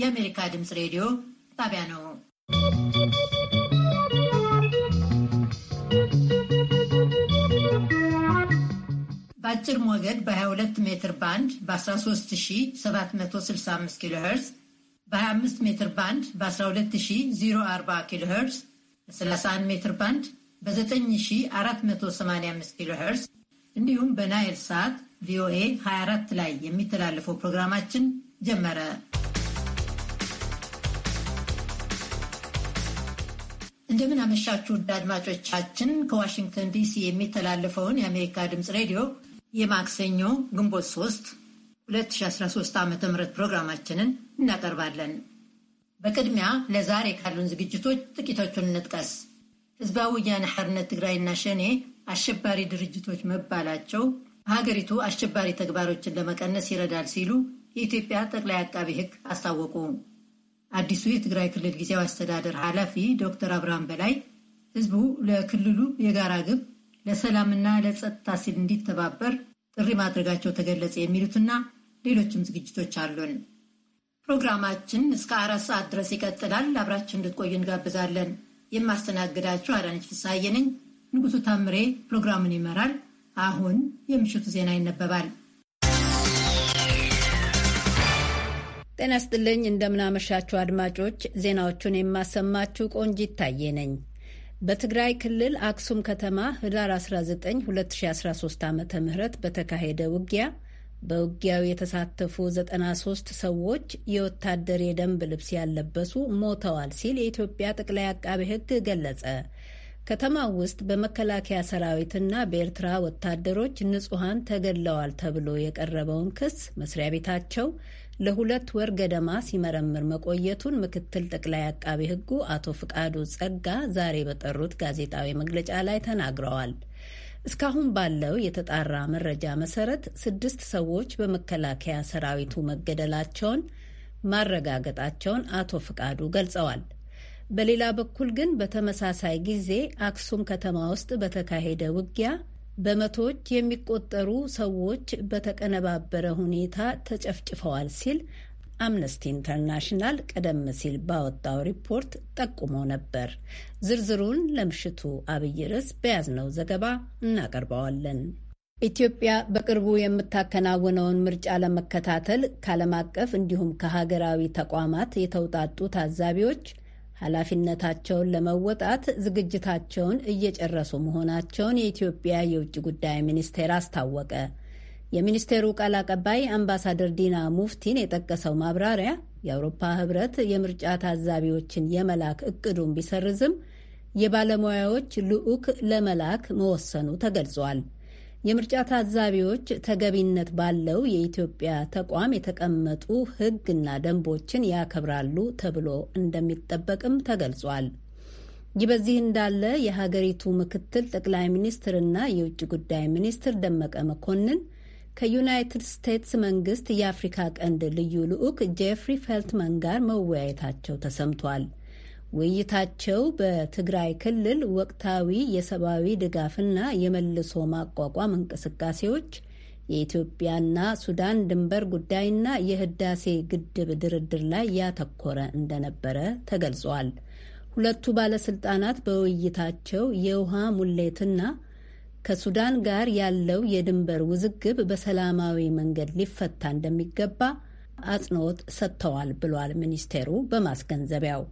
የአሜሪካ ድምፅ ሬዲዮ ጣቢያ ነው። በአጭር ሞገድ በ22 ሜትር ባንድ በ13765 ኪሎ ሄርስ በ25 ሜትር ባንድ በ12040 ኪሎ ሄርስ 31 ሜትር ባንድ በ9485 ኪሎ ሄርስ እንዲሁም በናይል ሰዓት ቪኦኤ 24 ላይ የሚተላለፈው ፕሮግራማችን ጀመረ። እንደምን አመሻችሁ ውድ አድማጮቻችን። ከዋሽንግተን ዲሲ የሚተላለፈውን የአሜሪካ ድምፅ ሬዲዮ የማክሰኞ ግንቦት 3 2013 ዓ ም ፕሮግራማችንን እናቀርባለን። በቅድሚያ ለዛሬ ካሉን ዝግጅቶች ጥቂቶቹን እንጥቀስ። ህዝባዊ ወያነ ሐርነት ትግራይና ሸኔ አሸባሪ ድርጅቶች መባላቸው በሀገሪቱ አሸባሪ ተግባሮችን ለመቀነስ ይረዳል ሲሉ የኢትዮጵያ ጠቅላይ አቃቢ ሕግ አስታወቁ። አዲሱ የትግራይ ክልል ጊዜያዊ አስተዳደር ኃላፊ ዶክተር አብርሃም በላይ ህዝቡ ለክልሉ የጋራ ግብ ለሰላምና ለጸጥታ ሲል እንዲተባበር ጥሪ ማድረጋቸው ተገለጸ። የሚሉትና ሌሎችም ዝግጅቶች አሉን። ፕሮግራማችን እስከ አራት ሰዓት ድረስ ይቀጥላል። አብራችን እንድትቆዩ እንጋብዛለን። የማስተናግዳችሁ አዳነች ፍስሐዬ ነኝ። ንጉሱ ታምሬ ፕሮግራሙን ይመራል። አሁን የምሽቱ ዜና ይነበባል። ጤና ስጥልኝ። እንደምናመሻችሁ አድማጮች፣ ዜናዎቹን የማሰማችሁ ቆንጂ ይታየ ነኝ። በትግራይ ክልል አክሱም ከተማ ህዳር 19 2013 ዓ ም በተካሄደ ውጊያ በውጊያው የተሳተፉ 93 ሰዎች የወታደር የደንብ ልብስ ያለበሱ ሞተዋል ሲል የኢትዮጵያ ጠቅላይ አቃቤ ሕግ ገለጸ። ከተማው ውስጥ በመከላከያ ሰራዊትና በኤርትራ ወታደሮች ንጹሐን ተገድለዋል ተብሎ የቀረበውን ክስ መስሪያ ቤታቸው ለሁለት ወር ገደማ ሲመረምር መቆየቱን ምክትል ጠቅላይ አቃቤ ሕጉ አቶ ፍቃዱ ጸጋ ዛሬ በጠሩት ጋዜጣዊ መግለጫ ላይ ተናግረዋል። እስካሁን ባለው የተጣራ መረጃ መሰረት ስድስት ሰዎች በመከላከያ ሰራዊቱ መገደላቸውን ማረጋገጣቸውን አቶ ፍቃዱ ገልጸዋል። በሌላ በኩል ግን በተመሳሳይ ጊዜ አክሱም ከተማ ውስጥ በተካሄደ ውጊያ በመቶዎች የሚቆጠሩ ሰዎች በተቀነባበረ ሁኔታ ተጨፍጭፈዋል ሲል አምነስቲ ኢንተርናሽናል ቀደም ሲል ባወጣው ሪፖርት ጠቁሞ ነበር። ዝርዝሩን ለምሽቱ አብይ ርዕስ በያዝነው ዘገባ እናቀርበዋለን። ኢትዮጵያ በቅርቡ የምታከናውነውን ምርጫ ለመከታተል ከዓለም አቀፍ እንዲሁም ከሀገራዊ ተቋማት የተውጣጡ ታዛቢዎች ኃላፊነታቸውን ለመወጣት ዝግጅታቸውን እየጨረሱ መሆናቸውን የኢትዮጵያ የውጭ ጉዳይ ሚኒስቴር አስታወቀ። የሚኒስቴሩ ቃል አቀባይ አምባሳደር ዲና ሙፍቲን የጠቀሰው ማብራሪያ የአውሮፓ ህብረት የምርጫ ታዛቢዎችን የመላክ እቅዱን ቢሰርዝም የባለሙያዎች ልዑክ ለመላክ መወሰኑ ተገልጿል። የምርጫ ታዛቢዎች ተገቢነት ባለው የኢትዮጵያ ተቋም የተቀመጡ ህግና ደንቦችን ያከብራሉ ተብሎ እንደሚጠበቅም ተገልጿል። ይህ በዚህ እንዳለ የሀገሪቱ ምክትል ጠቅላይ ሚኒስትርና የውጭ ጉዳይ ሚኒስትር ደመቀ መኮንን ከዩናይትድ ስቴትስ መንግስት የአፍሪካ ቀንድ ልዩ ልዑክ ጄፍሪ ፌልትመን ጋር መወያየታቸው ተሰምቷል። ውይይታቸው በትግራይ ክልል ወቅታዊ የሰብአዊ ድጋፍና የመልሶ ማቋቋም እንቅስቃሴዎች፣ የኢትዮጵያና ሱዳን ድንበር ጉዳይና የህዳሴ ግድብ ድርድር ላይ ያተኮረ እንደነበረ ተገልጿል። ሁለቱ ባለስልጣናት በውይይታቸው የውሃ ሙሌትና ከሱዳን ጋር ያለው የድንበር ውዝግብ በሰላማዊ መንገድ ሊፈታ እንደሚገባ አጽንኦት ሰጥተዋል ብሏል ሚኒስቴሩ በማስገንዘቢያው።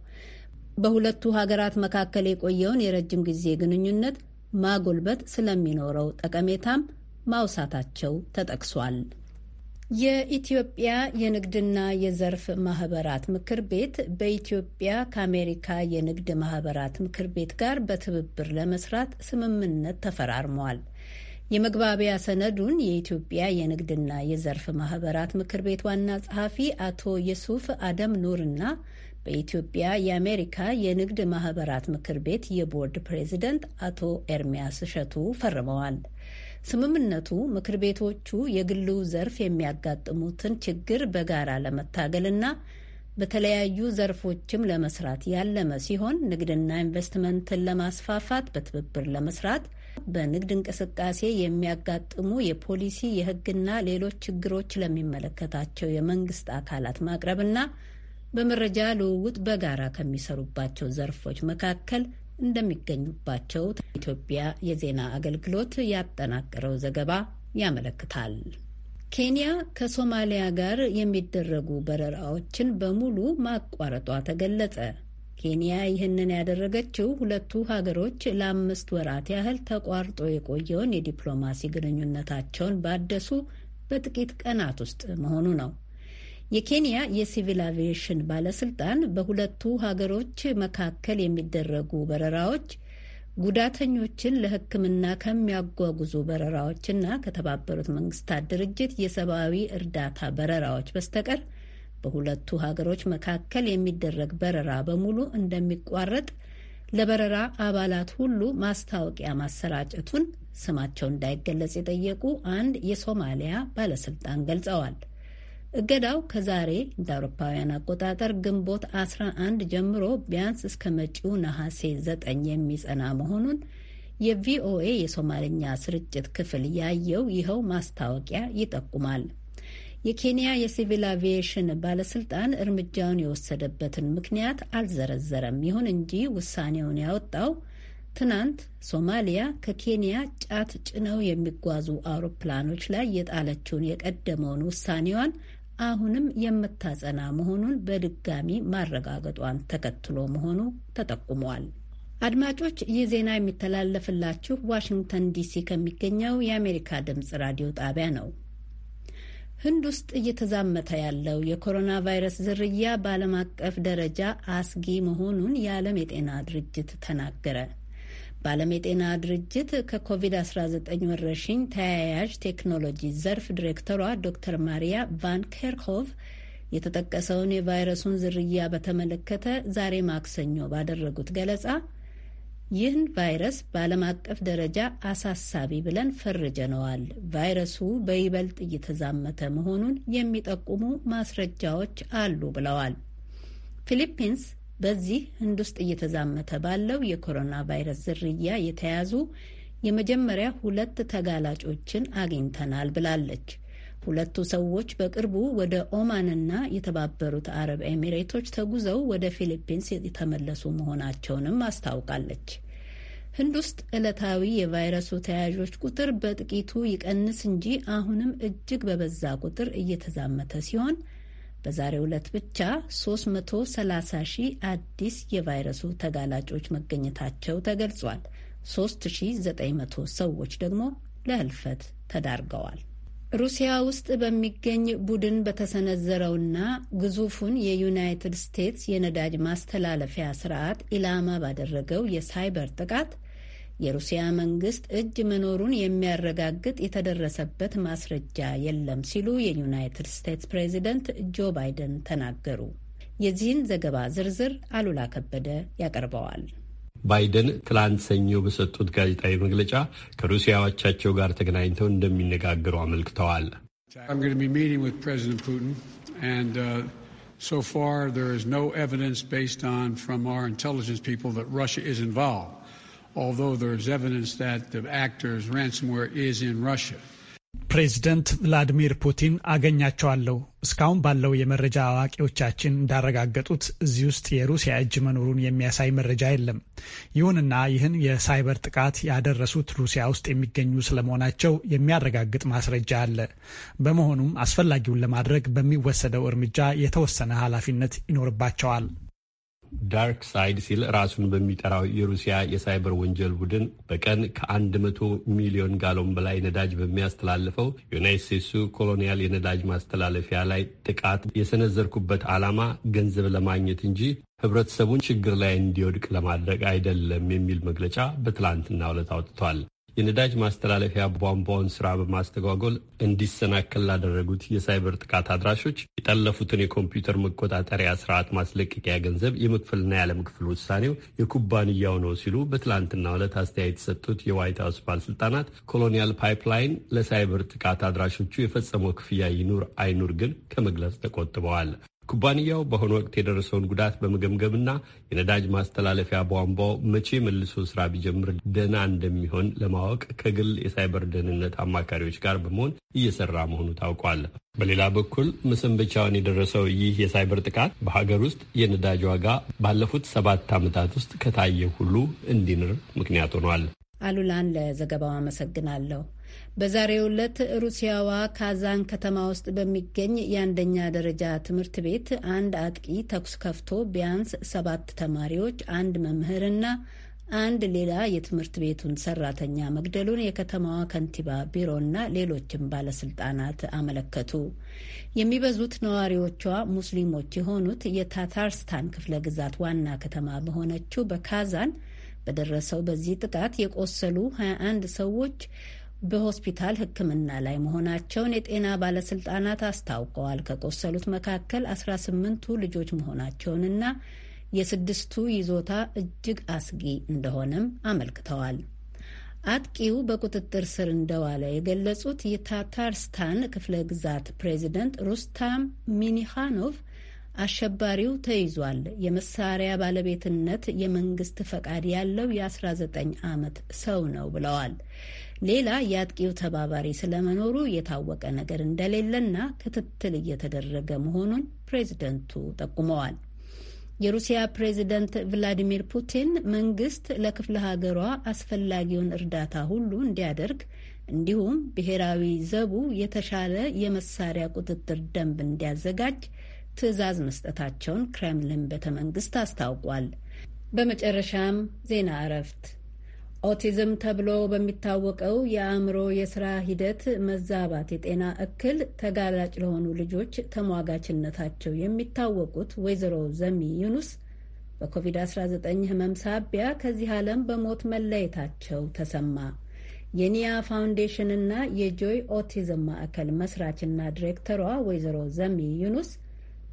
በሁለቱ ሀገራት መካከል የቆየውን የረጅም ጊዜ ግንኙነት ማጎልበት ስለሚኖረው ጠቀሜታም ማውሳታቸው ተጠቅሷል። የኢትዮጵያ የንግድና የዘርፍ ማህበራት ምክር ቤት በኢትዮጵያ ከአሜሪካ የንግድ ማህበራት ምክር ቤት ጋር በትብብር ለመስራት ስምምነት ተፈራርሟል። የመግባቢያ ሰነዱን የኢትዮጵያ የንግድና የዘርፍ ማህበራት ምክር ቤት ዋና ጸሐፊ አቶ የሱፍ አደም ኑርና በኢትዮጵያ የአሜሪካ የንግድ ማህበራት ምክር ቤት የቦርድ ፕሬዚደንት አቶ ኤርሚያስ እሸቱ ፈርመዋል። ስምምነቱ ምክር ቤቶቹ የግሉ ዘርፍ የሚያጋጥሙትን ችግር በጋራ ለመታገልና በተለያዩ ዘርፎችም ለመስራት ያለመ ሲሆን ንግድና ኢንቨስትመንትን ለማስፋፋት በትብብር ለመስራት በንግድ እንቅስቃሴ የሚያጋጥሙ የፖሊሲ የሕግና ሌሎች ችግሮች ለሚመለከታቸው የመንግስት አካላት ማቅረብና በመረጃ ልውውጥ በጋራ ከሚሰሩባቸው ዘርፎች መካከል እንደሚገኙባቸው ኢትዮጵያ የዜና አገልግሎት ያጠናቀረው ዘገባ ያመለክታል። ኬንያ ከሶማሊያ ጋር የሚደረጉ በረራዎችን በሙሉ ማቋረጧ ተገለጸ። ኬንያ ይህንን ያደረገችው ሁለቱ ሀገሮች ለአምስት ወራት ያህል ተቋርጦ የቆየውን የዲፕሎማሲ ግንኙነታቸውን ባደሱ በጥቂት ቀናት ውስጥ መሆኑ ነው። የኬንያ የሲቪል አቪዬሽን ባለስልጣን በሁለቱ ሀገሮች መካከል የሚደረጉ በረራዎች ጉዳተኞችን ለሕክምና ከሚያጓጉዙ በረራዎችና ከተባበሩት መንግስታት ድርጅት የሰብአዊ እርዳታ በረራዎች በስተቀር በሁለቱ ሀገሮች መካከል የሚደረግ በረራ በሙሉ እንደሚቋረጥ ለበረራ አባላት ሁሉ ማስታወቂያ ማሰራጨቱን ስማቸው እንዳይገለጽ የጠየቁ አንድ የሶማሊያ ባለስልጣን ገልጸዋል። እገዳው ከዛሬ እንደ አውሮፓውያን አቆጣጠር ግንቦት 11 ጀምሮ ቢያንስ እስከ መጪው ነሐሴ 9 የሚጸና መሆኑን የቪኦኤ የሶማልኛ ስርጭት ክፍል ያየው ይኸው ማስታወቂያ ይጠቁማል። የኬንያ የሲቪል አቪዬሽን ባለስልጣን እርምጃውን የወሰደበትን ምክንያት አልዘረዘረም። ይሁን እንጂ ውሳኔውን ያወጣው ትናንት ሶማሊያ ከኬንያ ጫት ጭነው የሚጓዙ አውሮፕላኖች ላይ የጣለችውን የቀደመውን ውሳኔዋን አሁንም የምታጸና መሆኑን በድጋሚ ማረጋገጧን ተከትሎ መሆኑ ተጠቁሟል። አድማጮች ይህ ዜና የሚተላለፍላችሁ ዋሽንግተን ዲሲ ከሚገኘው የአሜሪካ ድምፅ ራዲዮ ጣቢያ ነው። ህንድ ውስጥ እየተዛመተ ያለው የኮሮና ቫይረስ ዝርያ በዓለም አቀፍ ደረጃ አስጊ መሆኑን የዓለም የጤና ድርጅት ተናገረ። በዓለም የጤና ድርጅት ከኮቪድ-19 ወረርሽኝ ተያያዥ ቴክኖሎጂ ዘርፍ ዲሬክተሯ ዶክተር ማሪያ ቫን ኬርሆቭ የተጠቀሰውን የቫይረሱን ዝርያ በተመለከተ ዛሬ ማክሰኞ ባደረጉት ገለጻ ይህን ቫይረስ በዓለም አቀፍ ደረጃ አሳሳቢ ብለን ፈርጀነዋል። ቫይረሱ በይበልጥ እየተዛመተ መሆኑን የሚጠቁሙ ማስረጃዎች አሉ ብለዋል። ፊሊፒንስ በዚህ ህንድ ውስጥ እየተዛመተ ባለው የኮሮና ቫይረስ ዝርያ የተያዙ የመጀመሪያ ሁለት ተጋላጮችን አግኝተናል ብላለች። ሁለቱ ሰዎች በቅርቡ ወደ ኦማንና የተባበሩት አረብ ኤሚሬቶች ተጉዘው ወደ ፊሊፒንስ የተመለሱ መሆናቸውንም አስታውቃለች። ህንድ ውስጥ ዕለታዊ የቫይረሱ ተያዦች ቁጥር በጥቂቱ ይቀንስ እንጂ አሁንም እጅግ በበዛ ቁጥር እየተዛመተ ሲሆን በዛሬው ዕለት ብቻ 330 ሺህ አዲስ የቫይረሱ ተጋላጮች መገኘታቸው ተገልጿል። 3900 ሰዎች ደግሞ ለህልፈት ተዳርገዋል። ሩሲያ ውስጥ በሚገኝ ቡድን በተሰነዘረውና ግዙፉን የዩናይትድ ስቴትስ የነዳጅ ማስተላለፊያ ስርዓት ኢላማ ባደረገው የሳይበር ጥቃት የሩሲያ መንግስት እጅ መኖሩን የሚያረጋግጥ የተደረሰበት ማስረጃ የለም ሲሉ የዩናይትድ ስቴትስ ፕሬዚደንት ጆ ባይደን ተናገሩ። የዚህን ዘገባ ዝርዝር አሉላ ከበደ ያቀርበዋል። ባይደን ትላንት ሰኞ በሰጡት ጋዜጣዊ መግለጫ ከሩሲያ አቻቸው ጋር ተገናኝተው እንደሚነጋገሩ አመልክተዋል። uh, So far, there is no evidence based on from our intelligence people that Russia is ፕሬዚደንት ቭላዲሚር ፑቲን አገኛቸዋለሁ። እስካሁን ባለው የመረጃ አዋቂዎቻችን እንዳረጋገጡት እዚህ ውስጥ የሩሲያ እጅ መኖሩን የሚያሳይ መረጃ የለም። ይሁንና ይህን የሳይበር ጥቃት ያደረሱት ሩሲያ ውስጥ የሚገኙ ስለመሆናቸው የሚያረጋግጥ ማስረጃ አለ። በመሆኑም አስፈላጊውን ለማድረግ በሚወሰደው እርምጃ የተወሰነ ኃላፊነት ይኖርባቸዋል። ዳርክ ሳይድ ሲል ራሱን በሚጠራው የሩሲያ የሳይበር ወንጀል ቡድን በቀን ከ100 ሚሊዮን ጋሎን በላይ ነዳጅ በሚያስተላልፈው ዩናይት ስቴትሱ ኮሎኒያል የነዳጅ ማስተላለፊያ ላይ ጥቃት የሰነዘርኩበት ዓላማ ገንዘብ ለማግኘት እንጂ ህብረተሰቡን ችግር ላይ እንዲወድቅ ለማድረግ አይደለም የሚል መግለጫ በትላንትና ዕለት አውጥቷል። የነዳጅ ማስተላለፊያ ቧንቧውን ስራ በማስተጓጎል እንዲሰናከል ላደረጉት የሳይበር ጥቃት አድራሾች የጠለፉትን የኮምፒውተር መቆጣጠሪያ ስርዓት ማስለቀቂያ ገንዘብ የመክፈልና ያለመክፈል ውሳኔው የኩባንያው ነው ሲሉ በትላንትና ዕለት አስተያየት የሰጡት የዋይት ሀውስ ባለስልጣናት ኮሎኒያል ፓይፕላይን ለሳይበር ጥቃት አድራሾቹ የፈጸመው ክፍያ ይኑር አይኑር ግን ከመግለጽ ተቆጥበዋል። ኩባንያው በአሁኑ ወቅት የደረሰውን ጉዳት በመገምገምና የነዳጅ ማስተላለፊያ ቧንቧው መቼ መልሶ ስራ ቢጀምር ደህና እንደሚሆን ለማወቅ ከግል የሳይበር ደህንነት አማካሪዎች ጋር በመሆን እየሰራ መሆኑ ታውቋል። በሌላ በኩል መሰንበቻውን የደረሰው ይህ የሳይበር ጥቃት በሀገር ውስጥ የነዳጅ ዋጋ ባለፉት ሰባት ዓመታት ውስጥ ከታየ ሁሉ እንዲንር ምክንያት ሆኗል። አሉላን ለዘገባው አመሰግናለሁ። በዛሬው ዕለት ሩሲያዋ ካዛን ከተማ ውስጥ በሚገኝ የአንደኛ ደረጃ ትምህርት ቤት አንድ አጥቂ ተኩስ ከፍቶ ቢያንስ ሰባት ተማሪዎች፣ አንድ መምህርና አንድ ሌላ የትምህርት ቤቱን ሰራተኛ መግደሉን የከተማዋ ከንቲባ ቢሮና ሌሎችም ባለስልጣናት አመለከቱ። የሚበዙት ነዋሪዎቿ ሙስሊሞች የሆኑት የታታርስታን ክፍለ ግዛት ዋና ከተማ በሆነችው በካዛን በደረሰው በዚህ ጥቃት የቆሰሉ 21 ሰዎች በሆስፒታል ሕክምና ላይ መሆናቸውን የጤና ባለስልጣናት አስታውቀዋል። ከቆሰሉት መካከል 18ቱ ልጆች መሆናቸውንና የስድስቱ ይዞታ እጅግ አስጊ እንደሆነም አመልክተዋል። አጥቂው በቁጥጥር ስር እንደዋለ የገለጹት የታታርስታን ክፍለ ግዛት ፕሬዚደንት ሩስታም ሚኒሃኖቭ አሸባሪው ተይዟል። የመሳሪያ ባለቤትነት የመንግስት ፈቃድ ያለው የ19 ዓመት ሰው ነው ብለዋል። ሌላ የአጥቂው ተባባሪ ስለመኖሩ የታወቀ ነገር እንደሌለና ክትትል እየተደረገ መሆኑን ፕሬዝደንቱ ጠቁመዋል። የሩሲያ ፕሬዝደንት ቭላዲሚር ፑቲን መንግስት ለክፍለ ሀገሯ አስፈላጊውን እርዳታ ሁሉ እንዲያደርግ እንዲሁም ብሔራዊ ዘቡ የተሻለ የመሳሪያ ቁጥጥር ደንብ እንዲያዘጋጅ ትዕዛዝ መስጠታቸውን ክሬምሊን ቤተ መንግስት አስታውቋል። በመጨረሻም ዜና እረፍት ኦቲዝም ተብሎ በሚታወቀው የአእምሮ የስራ ሂደት መዛባት የጤና እክል ተጋላጭ ለሆኑ ልጆች ተሟጋችነታቸው የሚታወቁት ወይዘሮ ዘሚ ዩኑስ በኮቪድ-19 ህመም ሳቢያ ከዚህ ዓለም በሞት መለየታቸው ተሰማ። የኒያ ፋውንዴሽን እና የጆይ ኦቲዝም ማዕከል መስራችና ዲሬክተሯ ወይዘሮ ዘሚ ዩኑስ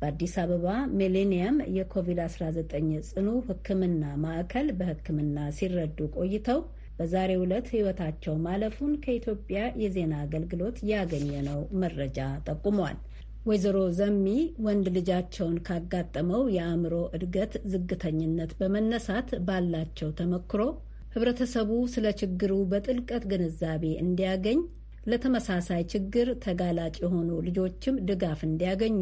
በአዲስ አበባ ሚሌኒየም የኮቪድ-19 ጽኑ ሕክምና ማዕከል በሕክምና ሲረዱ ቆይተው በዛሬ ዕለት ሕይወታቸው ማለፉን ከኢትዮጵያ የዜና አገልግሎት ያገኘነው መረጃ ጠቁሟል። ወይዘሮ ዘሚ ወንድ ልጃቸውን ካጋጠመው የአእምሮ እድገት ዝግተኝነት በመነሳት ባላቸው ተመክሮ ህብረተሰቡ ስለ ችግሩ በጥልቀት ግንዛቤ እንዲያገኝ፣ ለተመሳሳይ ችግር ተጋላጭ የሆኑ ልጆችም ድጋፍ እንዲያገኙ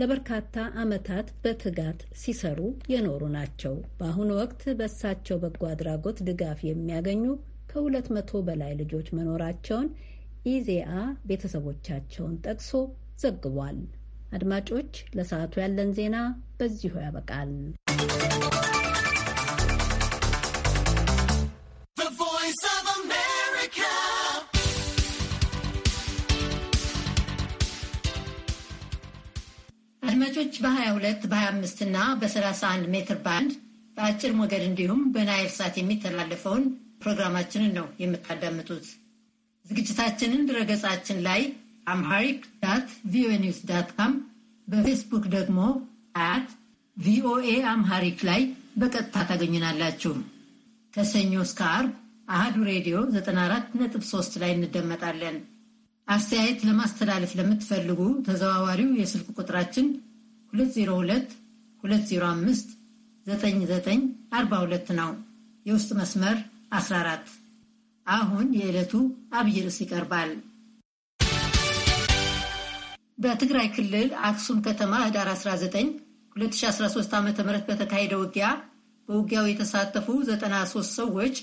ለበርካታ ዓመታት በትጋት ሲሰሩ የኖሩ ናቸው። በአሁኑ ወቅት በእሳቸው በጎ አድራጎት ድጋፍ የሚያገኙ ከሁለት መቶ በላይ ልጆች መኖራቸውን ኢዜአ ቤተሰቦቻቸውን ጠቅሶ ዘግቧል። አድማጮች፣ ለሰዓቱ ያለን ዜና በዚሁ ያበቃል። አድማጮች በ22 በ25 እና በ31 ሜትር ባንድ በአጭር ሞገድ እንዲሁም በናይል ሳት የሚተላለፈውን ፕሮግራማችንን ነው የምታዳምጡት። ዝግጅታችንን ድረገጻችን ላይ አምሃሪክ ዳት ቪኦኤ ኒውስ ዳት ካም በፌስቡክ ደግሞ አት ቪኦኤ አምሃሪክ ላይ በቀጥታ ታገኝናላችሁ። ከሰኞ እስከ አርብ አህዱ ሬዲዮ 94.3 ላይ እንደመጣለን። አስተያየት ለማስተላለፍ ለምትፈልጉ ተዘዋዋሪው የስልክ ቁጥራችን 20 202 205 ነው የውስጥ መስመር 14። አሁን የዕለቱ አብይ ርዕስ ይቀርባል። በትግራይ ክልል አክሱም ከተማ ህዳር 19 2013 ዓ ም በተካሄደ ውጊያ በውጊያው የተሳተፉ 93 ሰዎች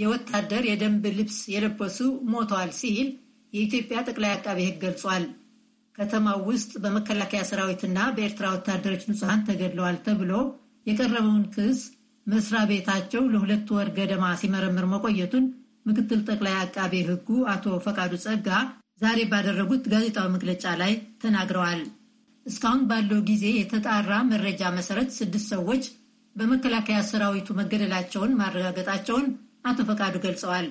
የወታደር የደንብ ልብስ የለበሱ ሞተዋል ሲል የኢትዮጵያ ጠቅላይ አቃቤ ሕግ ገልጿል። ከተማው ውስጥ በመከላከያ ሰራዊትና በኤርትራ ወታደሮች ንጹሐን ተገድለዋል ተብሎ የቀረበውን ክስ መስሪያ ቤታቸው ለሁለት ወር ገደማ ሲመረምር መቆየቱን ምክትል ጠቅላይ አቃቤ ሕጉ አቶ ፈቃዱ ጸጋ ዛሬ ባደረጉት ጋዜጣዊ መግለጫ ላይ ተናግረዋል። እስካሁን ባለው ጊዜ የተጣራ መረጃ መሰረት ስድስት ሰዎች በመከላከያ ሰራዊቱ መገደላቸውን ማረጋገጣቸውን አቶ ፈቃዱ ገልጸዋል።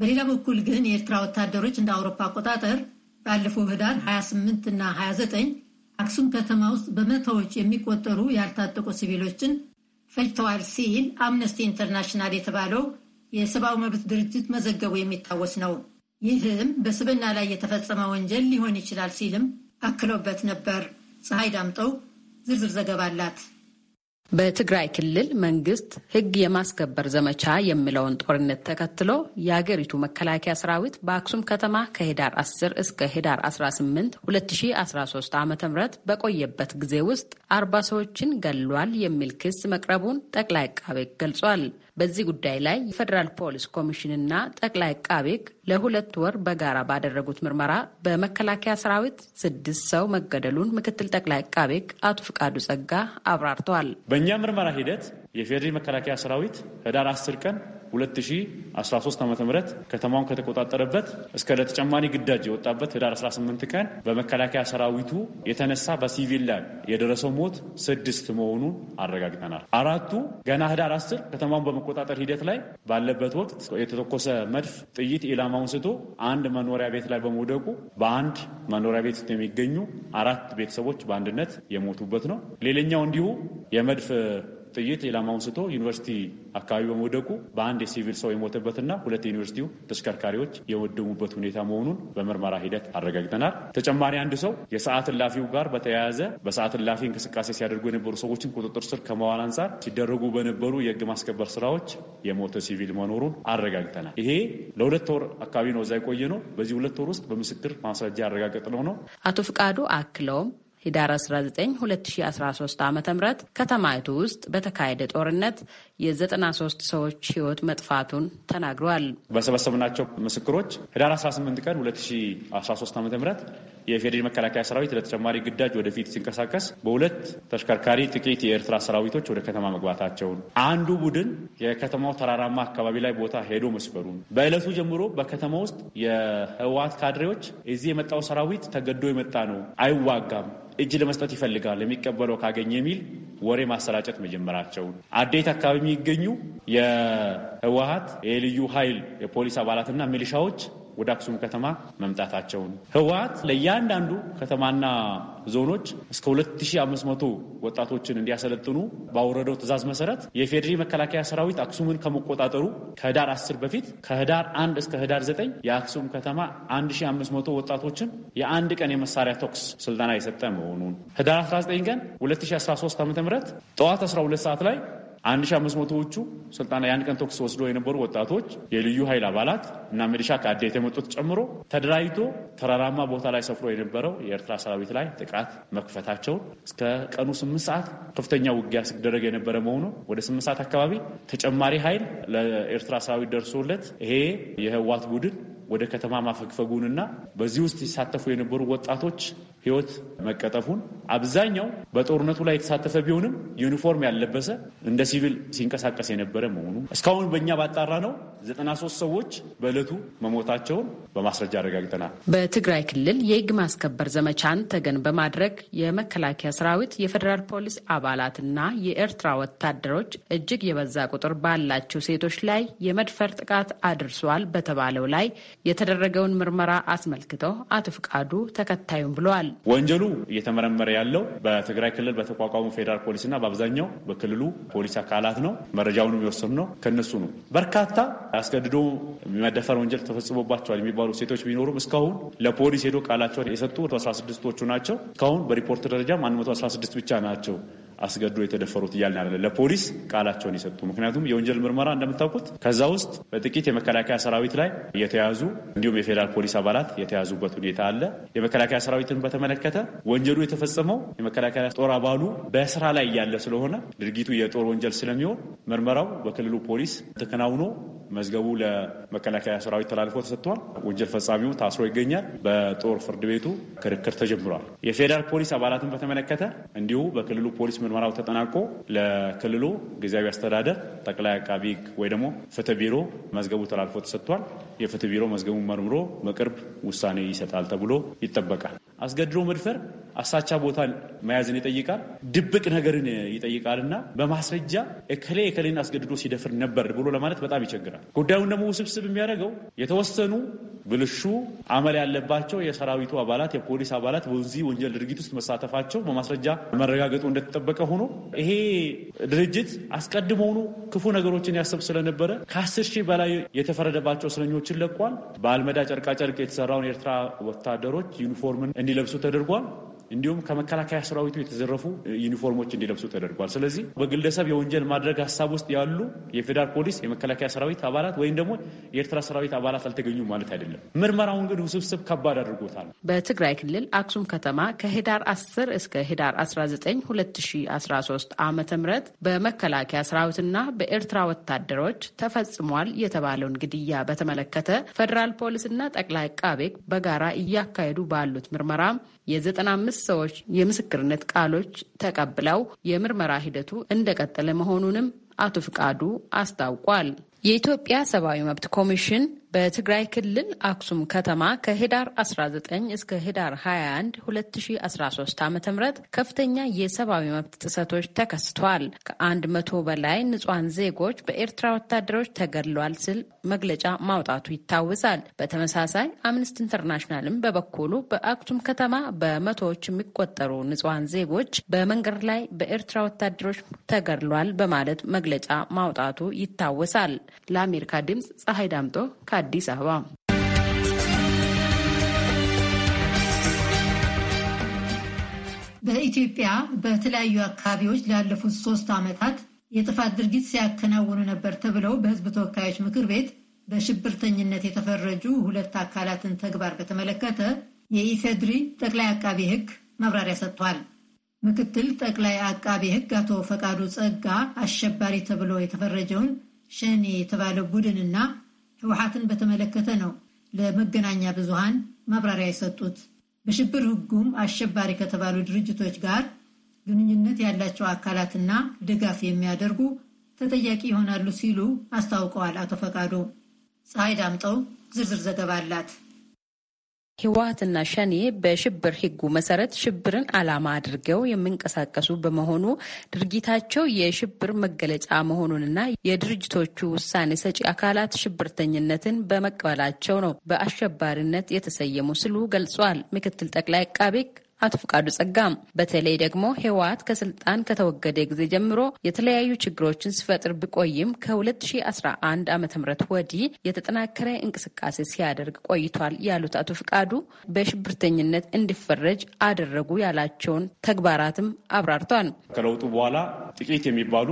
በሌላ በኩል ግን የኤርትራ ወታደሮች እንደ አውሮፓ አቆጣጠር ባለፈው ህዳር 28 እና 29 አክሱም ከተማ ውስጥ በመቶዎች የሚቆጠሩ ያልታጠቁ ሲቪሎችን ፈጅተዋል ሲል አምነስቲ ኢንተርናሽናል የተባለው የሰብአዊ መብት ድርጅት መዘገቡ የሚታወስ ነው። ይህም በስብና ላይ የተፈጸመ ወንጀል ሊሆን ይችላል ሲልም አክለውበት ነበር። ፀሐይ ዳምጠው ዝርዝር ዘገባ አላት። በትግራይ ክልል መንግስት ህግ የማስከበር ዘመቻ የሚለውን ጦርነት ተከትሎ የአገሪቱ መከላከያ ሰራዊት በአክሱም ከተማ ከህዳር 10 እስከ ህዳር 18 2013 ዓ ም በቆየበት ጊዜ ውስጥ አርባ ሰዎችን ገሏል የሚል ክስ መቅረቡን ጠቅላይ አቃቤ ገልጿል። በዚህ ጉዳይ ላይ የፌዴራል ፖሊስ ኮሚሽንና ጠቅላይ አቃቤ ሕግ ለሁለት ወር በጋራ ባደረጉት ምርመራ በመከላከያ ሰራዊት ስድስት ሰው መገደሉን ምክትል ጠቅላይ አቃቤ ሕግ አቶ ፍቃዱ ጸጋ አብራርተዋል። በእኛ ምርመራ ሂደት የፌዴራል መከላከያ ሰራዊት ህዳር 10 ቀን 2013 ዓ ም ከተማውን ከተቆጣጠረበት እስከ ለተጨማሪ ግዳጅ የወጣበት ህዳር 18 ቀን በመከላከያ ሰራዊቱ የተነሳ በሲቪል ላይ የደረሰው ሞት ስድስት መሆኑን አረጋግጠናል። አራቱ ገና ህዳር 10 ከተማውን በመቆጣጠር ሂደት ላይ ባለበት ወቅት የተተኮሰ መድፍ ጥይት ኢላማውን ስቶ አንድ መኖሪያ ቤት ላይ በመውደቁ በአንድ መኖሪያ ቤት ውስጥ የሚገኙ አራት ቤተሰቦች በአንድነት የሞቱበት ነው። ሌላኛው እንዲሁ የመድፍ ጥይት ኢላማውን ስቶ ዩኒቨርሲቲ አካባቢ በመውደቁ በአንድ የሲቪል ሰው የሞተበትና ሁለት የዩኒቨርሲቲው ተሽከርካሪዎች የወደሙበት ሁኔታ መሆኑን በምርመራ ሂደት አረጋግጠናል። ተጨማሪ አንድ ሰው የሰዓት እላፊው ጋር በተያያዘ በሰዓት እላፊ እንቅስቃሴ ሲያደርጉ የነበሩ ሰዎችን ቁጥጥር ስር ከመዋል አንጻር ሲደረጉ በነበሩ የህግ ማስከበር ስራዎች የሞተ ሲቪል መኖሩን አረጋግጠናል። ይሄ ለሁለት ወር አካባቢ ነው እዛ የቆየ ነው። በዚህ ሁለት ወር ውስጥ በምስክር ማስረጃ ያረጋገጥነው ነው። አቶ ፍቃዱ አክለውም ኅዳር 19 2013 ዓ ም ከተማይቱ ውስጥ በተካሄደ ጦርነት የ93 ሰዎች ህይወት መጥፋቱን ተናግረዋል። በሰበሰብናቸው ምስክሮች ኅዳር 18 ቀን 2013 ዓ ም የፌዴሪ መከላከያ ሰራዊት ለተጨማሪ ግዳጅ ወደፊት ሲንቀሳቀስ በሁለት ተሽከርካሪ ጥቂት የኤርትራ ሰራዊቶች ወደ ከተማ መግባታቸውን፣ አንዱ ቡድን የከተማው ተራራማ አካባቢ ላይ ቦታ ሄዶ መስበሩን፣ በዕለቱ ጀምሮ በከተማ ውስጥ የህወሓት ካድሬዎች እዚህ የመጣው ሰራዊት ተገዶ የመጣ ነው አይዋጋም እጅ ለመስጠት ይፈልጋል የሚቀበለው ካገኘ የሚል ወሬ ማሰራጨት መጀመራቸውን አዴት አካባቢ የሚገኙ የህወሀት የልዩ ኃይል የፖሊስ አባላትና ሚሊሻዎች ወደ አክሱም ከተማ መምጣታቸውን ህወሀት ለእያንዳንዱ ከተማና ዞኖች እስከ 2500 ወጣቶችን እንዲያሰለጥኑ ባወረደው ትእዛዝ መሰረት የፌዴሪ መከላከያ ሰራዊት አክሱምን ከመቆጣጠሩ ከህዳር 10 በፊት ከህዳር 1 እስከ ህዳር 9 የአክሱም ከተማ 1500 ወጣቶችን የአንድ ቀን የመሳሪያ ተኩስ ስልጠና የሰጠ መሆኑን ህዳር 19 ቀን 2013 ዓ ም ጠዋት 12 ሰዓት ላይ መቶዎቹ ስልጣን ላይ የአንድ ቀን ተኩስ ወስዶ የነበሩ ወጣቶች የልዩ ኃይል አባላት እና ሚሊሻ ከአዴት የመጡት ጨምሮ ተደራጅቶ ተራራማ ቦታ ላይ ሰፍሮ የነበረው የኤርትራ ሰራዊት ላይ ጥቃት መክፈታቸውን እስከ ቀኑ ስምንት ሰዓት ከፍተኛ ውጊያ ሲደረግ የነበረ መሆኑ ወደ ስምንት ሰዓት አካባቢ ተጨማሪ ኃይል ለኤርትራ ሰራዊት ደርሶለት ይሄ የህዋት ቡድን ወደ ከተማ ማፈግፈጉንና በዚህ ውስጥ ይሳተፉ የነበሩ ወጣቶች ህይወት መቀጠፉን አብዛኛው በጦርነቱ ላይ የተሳተፈ ቢሆንም ዩኒፎርም ያለበሰ እንደ ሲቪል ሲንቀሳቀስ የነበረ መሆኑ እስካሁን በእኛ ባጣራ ነው 93 ሰዎች በዕለቱ መሞታቸውን በማስረጃ አረጋግጠናል። በትግራይ ክልል የህግ ማስከበር ዘመቻን ተገን በማድረግ የመከላከያ ሰራዊት፣ የፌዴራል ፖሊስ አባላትና የኤርትራ ወታደሮች እጅግ የበዛ ቁጥር ባላቸው ሴቶች ላይ የመድፈር ጥቃት አድርሷል በተባለው ላይ የተደረገውን ምርመራ አስመልክተው አቶ ፍቃዱ ተከታዩም ብለዋል። ወንጀሉ እየተመረመረ ያለው በትግራይ ክልል በተቋቋሙ ፌዴራል ፖሊስና በአብዛኛው በክልሉ ፖሊስ አካላት ነው። መረጃውንም የወሰኑ ነው ከነሱ ነው። በርካታ አስገድዶ መደፈር ወንጀል ተፈጽሞባቸዋል የሚባሉ ሴቶች ቢኖሩም እስካሁን ለፖሊስ ሄዶ ቃላቸውን የሰጡ 16ቶቹ ናቸው። እስካሁን በሪፖርት ደረጃ 116 ብቻ ናቸው አስገዶ የተደፈሩት እያልን አለ ለፖሊስ ቃላቸውን የሰጡ ምክንያቱም የወንጀል ምርመራ እንደምታውቁት ከዛ ውስጥ በጥቂት የመከላከያ ሰራዊት ላይ የተያዙ እንዲሁም የፌዴራል ፖሊስ አባላት የተያዙበት ሁኔታ አለ። የመከላከያ ሰራዊትን በተመለከተ ወንጀሉ የተፈጸመው የመከላከያ ጦር አባሉ በስራ ላይ እያለ ስለሆነ ድርጊቱ የጦር ወንጀል ስለሚሆን ምርመራው በክልሉ ፖሊስ ተከናውኖ መዝገቡ ለመከላከያ ሰራዊት ተላልፎ ተሰጥቷል። ወንጀል ፈጻሚው ታስሮ ይገኛል። በጦር ፍርድ ቤቱ ክርክር ተጀምሯል። የፌዴራል ፖሊስ አባላትን በተመለከተ እንዲሁ በክልሉ ፖሊስ ምርመራው ተጠናቆ ለክልሉ ጊዜያዊ አስተዳደር ጠቅላይ አቃቢ ወይ ደግሞ ፍትህ ቢሮ መዝገቡ ተላልፎ ተሰጥቷል። የፍትህ ቢሮ መዝገቡ መርምሮ በቅርብ ውሳኔ ይሰጣል ተብሎ ይጠበቃል። አስገድዶ መድፈር አሳቻ ቦታን መያዝን ይጠይቃል፣ ድብቅ ነገርን ይጠይቃል እና በማስረጃ እከሌ እከሌን አስገድዶ ሲደፍር ነበር ብሎ ለማለት በጣም ይቸግራል። ጉዳዩን ደግሞ ውስብስብ የሚያደርገው የተወሰኑ ብልሹ አመል ያለባቸው የሰራዊቱ አባላት፣ የፖሊስ አባላት በዚህ ወንጀል ድርጊት ውስጥ መሳተፋቸው በማስረጃ መረጋገጡ እንደተጠበቀ ሆኖ ይሄ ድርጅት አስቀድሞውኑ ክፉ ነገሮችን ያሰብ ስለነበረ ከአስር ሺህ በላይ የተፈረደባቸው እስረኞችን ለቋል። በአልመዳ ጨርቃጨርቅ የተሰራውን የኤርትራ ወታደሮች ዩኒፎርምን እንዲለብሱ ተደርጓል። እንዲሁም ከመከላከያ ሰራዊቱ የተዘረፉ ዩኒፎርሞች እንዲለብሱ ተደርጓል። ስለዚህ በግለሰብ የወንጀል ማድረግ ሀሳብ ውስጥ ያሉ የፌዴራል ፖሊስ፣ የመከላከያ ሰራዊት አባላት ወይም ደግሞ የኤርትራ ሰራዊት አባላት አልተገኙም ማለት አይደለም። ምርመራውን ግን ውስብስብ ከባድ አድርጎታል። በትግራይ ክልል አክሱም ከተማ ከህዳር 10 እስከ ህዳር 19 2013 ዓ ም በመከላከያ ሰራዊትና በኤርትራ ወታደሮች ተፈጽሟል የተባለውን ግድያ በተመለከተ ፌዴራል ፖሊስና ጠቅላይ አቃቤ በጋራ እያካሄዱ ባሉት ምርመራም የ95 ሰዎች የምስክርነት ቃሎች ተቀብለው የምርመራ ሂደቱ እንደቀጠለ መሆኑንም አቶ ፍቃዱ አስታውቋል። የኢትዮጵያ ሰብአዊ መብት ኮሚሽን በትግራይ ክልል አክሱም ከተማ ከህዳር 19 እስከ ህዳር 21 2013 ዓ ም ከፍተኛ የሰብአዊ መብት ጥሰቶች ተከስተዋል። ከአንድ መቶ በላይ ንጹሐን ዜጎች በኤርትራ ወታደሮች ተገድለዋል ሲል መግለጫ ማውጣቱ ይታወሳል። በተመሳሳይ አምነስቲ ኢንተርናሽናልም በበኩሉ በአክሱም ከተማ በመቶዎች የሚቆጠሩ ንጹሐን ዜጎች በመንገድ ላይ በኤርትራ ወታደሮች ተገድሏል በማለት መግለጫ ማውጣቱ ይታወሳል። ለአሜሪካ ድምፅ ፀሐይ ዳምጦ ካ አዲስ አበባ በኢትዮጵያ በተለያዩ አካባቢዎች ላለፉት ሶስት ዓመታት የጥፋት ድርጊት ሲያከናውኑ ነበር ተብለው በሕዝብ ተወካዮች ምክር ቤት በሽብርተኝነት የተፈረጁ ሁለት አካላትን ተግባር በተመለከተ የኢፌድሪ ጠቅላይ አቃቤ ሕግ መብራሪያ ሰጥቷል። ምክትል ጠቅላይ አቃቤ ሕግ አቶ ፈቃዱ ጸጋ አሸባሪ ተብሎ የተፈረጀውን ሸኔ የተባለ ቡድንና ህወሓትን በተመለከተ ነው ለመገናኛ ብዙሃን ማብራሪያ የሰጡት። በሽብር ህጉም አሸባሪ ከተባሉ ድርጅቶች ጋር ግንኙነት ያላቸው አካላትና ድጋፍ የሚያደርጉ ተጠያቂ ይሆናሉ ሲሉ አስታውቀዋል። አቶ ፈቃዱ ፀሐይ ዳምጠው ዝርዝር ዘገባ አላት። ህወሀትና ሸኔ በሽብር ህጉ መሰረት ሽብርን ዓላማ አድርገው የሚንቀሳቀሱ በመሆኑ ድርጊታቸው የሽብር መገለጫ መሆኑንና የድርጅቶቹ ውሳኔ ሰጪ አካላት ሽብርተኝነትን በመቀበላቸው ነው በአሸባሪነት የተሰየሙ ስሉ ገልጿል። ምክትል ጠቅላይ አቃቤ አቶ ፍቃዱ ጸጋም በተለይ ደግሞ ህወሀት ከስልጣን ከተወገደ ጊዜ ጀምሮ የተለያዩ ችግሮችን ሲፈጥር ቢቆይም ከ2011 ዓ ም ወዲህ የተጠናከረ እንቅስቃሴ ሲያደርግ ቆይቷል ያሉት አቶ ፍቃዱ በሽብርተኝነት እንዲፈረጅ አደረጉ ያላቸውን ተግባራትም አብራርቷል። ከለውጡ በኋላ ጥቂት የሚባሉ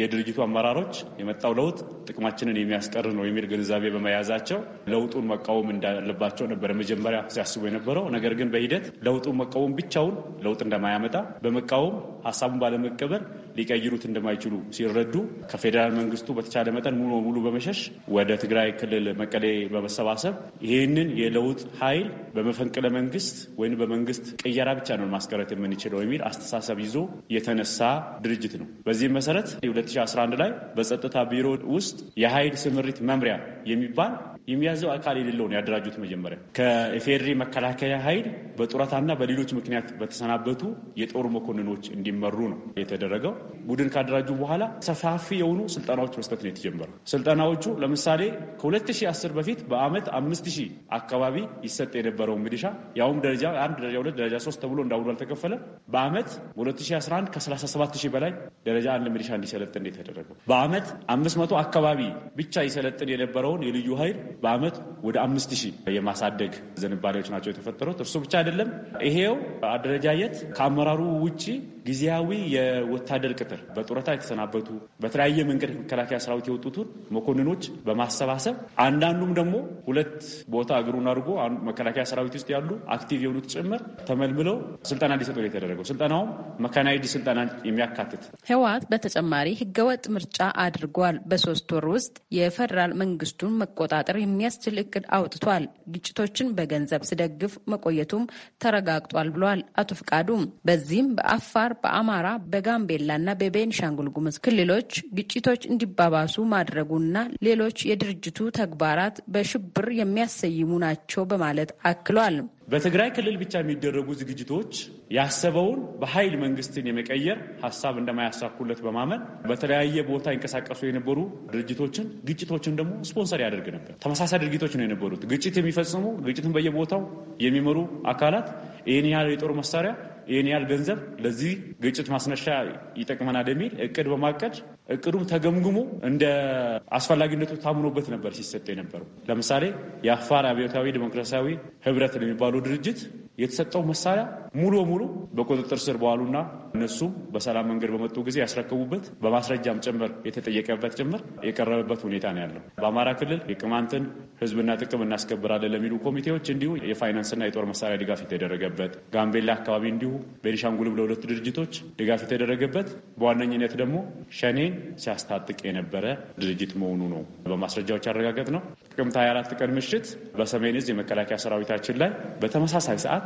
የድርጅቱ አመራሮች የመጣው ለውጥ ጥቅማችንን የሚያስቀር ነው የሚል ግንዛቤ በመያዛቸው ለውጡን መቃወም እንዳለባቸው ነበር መጀመሪያ ሲያስቡ የነበረው። ነገር ግን በሂደት ለውጡን መቃወም መቃወም ብቻውን ለውጥ እንደማያመጣ በመቃወም ሀሳቡን ባለመቀበል ሊቀይሩት እንደማይችሉ ሲረዱ ከፌዴራል መንግስቱ በተቻለ መጠን ሙሉ በሙሉ በመሸሽ ወደ ትግራይ ክልል መቀሌ በመሰባሰብ ይህንን የለውጥ ኃይል በመፈንቅለ መንግስት ወይም በመንግስት ቅየራ ብቻ ነው ማስቀረት የምንችለው የሚል አስተሳሰብ ይዞ የተነሳ ድርጅት ነው። በዚህም መሰረት 2011 ላይ በጸጥታ ቢሮ ውስጥ የኃይል ስምሪት መምሪያ የሚባል የሚያዘው አካል የሌለውን ያደራጁት መጀመሪያ ከኢፌዴሪ መከላከያ ኃይል በጡረታና በሌሎች ምክንያት በተሰናበቱ የጦር መኮንኖች እንዲ እንዲመሩ ነው የተደረገው። ቡድን ካደራጁ በኋላ ሰፋፊ የሆኑ ስልጠናዎች መስጠት ነው የተጀመረው። ስልጠናዎቹ ለምሳሌ ከ2010 በፊት በአመት 5000 አካባቢ ይሰጥ የነበረውን ሚሊሻ ያውም ደረጃ አንድ ደረጃ ሁለት ደረጃ ሶስት ተብሎ እንዳሁኑ አልተከፈለ በአመት 2011 ከ37000 በላይ ደረጃ አንድ ሚሊሻ እንዲሰለጥን የተደረገው በአመት 500 አካባቢ ብቻ ይሰለጥን የነበረውን የልዩ ኃይል በአመት ወደ 5000 የማሳደግ ዝንባሌዎች ናቸው የተፈጠሩት። እርሱ ብቻ አይደለም። ይሄው አደረጃጀት ከአመራሩ ውጭ ጊዜያዊ የወታደር ቅጥር በጡረታ የተሰናበቱ በተለያየ መንገድ መከላከያ ሰራዊት የወጡትን መኮንኖች በማሰባሰብ አንዳንዱም ደግሞ ሁለት ቦታ እግሩን አድርጎ መከላከያ ሰራዊት ውስጥ ያሉ አክቲቭ የሆኑት ጭምር ተመልምለው ስልጠና እንዲሰጡ ነው የተደረገው። ስልጠናውም መካናይድ ስልጠና የሚያካትት ህወሓት በተጨማሪ ህገወጥ ምርጫ አድርጓል። በሶስት ወር ውስጥ የፌዴራል መንግስቱን መቆጣጠር የሚያስችል እቅድ አውጥቷል። ግጭቶችን በገንዘብ ስደግፍ መቆየቱም ተረጋግጧል ብሏል አቶ ፍቃዱም። በዚህም በአፋር በአማራ፣ በጋምቤላና በቤንሻንጉል ጉሙዝ ክልሎች ግጭቶች እንዲባባሱ ማድረጉና ሌሎች የድርጅቱ ተግባራት በሽብር የሚያሰይሙ ናቸው በማለት አክሏል። በትግራይ ክልል ብቻ የሚደረጉ ዝግጅቶች ያሰበውን በኃይል መንግስትን የመቀየር ሀሳብ እንደማያሳኩለት በማመን በተለያየ ቦታ ይንቀሳቀሱ የነበሩ ድርጅቶችን ግጭቶችን ደግሞ ስፖንሰር ያደርግ ነበር። ተመሳሳይ ድርጊቶች ነው የነበሩት። ግጭት የሚፈጽሙ ግጭትን በየቦታው የሚመሩ አካላት ይህን ያህል የጦር መሳሪያ ይህን ያህል ገንዘብ ለዚህ ግጭት ማስነሻ ይጠቅመናል የሚል እቅድ በማቀድ እቅዱም ተገምግሞ እንደ አስፈላጊነቱ ታምኖበት ነበር ሲሰጥ የነበረው። ለምሳሌ የአፋር አብዮታዊ ዲሞክራሲያዊ ህብረት ለሚባለው ድርጅት የተሰጠው መሳሪያ ሙሉ በሙሉ በቁጥጥር ስር በዋሉና እነሱም በሰላም መንገድ በመጡ ጊዜ ያስረከቡበት በማስረጃም ጭምር የተጠየቀበት ጭምር የቀረበበት ሁኔታ ነው ያለው። በአማራ ክልል የቅማንትን ሕዝብና ጥቅም እናስከብራለን ለሚሉ ኮሚቴዎች እንዲሁ የፋይናንስና የጦር መሳሪያ ድጋፍ የተደረገበት፣ ጋምቤላ አካባቢ እንዲሁ ቤኒሻንጉልም ለሁለቱ ድርጅቶች ድጋፍ የተደረገበት በዋነኝነት ደግሞ ሸኔን ሲያስታጥቅ የነበረ ድርጅት መሆኑ ነው በማስረጃዎች ያረጋገጥ ነው። ጥቅምት 24 ቀን ምሽት በሰሜን እዝ የመከላከያ ሰራዊታችን ላይ በተመሳሳይ ሰዓት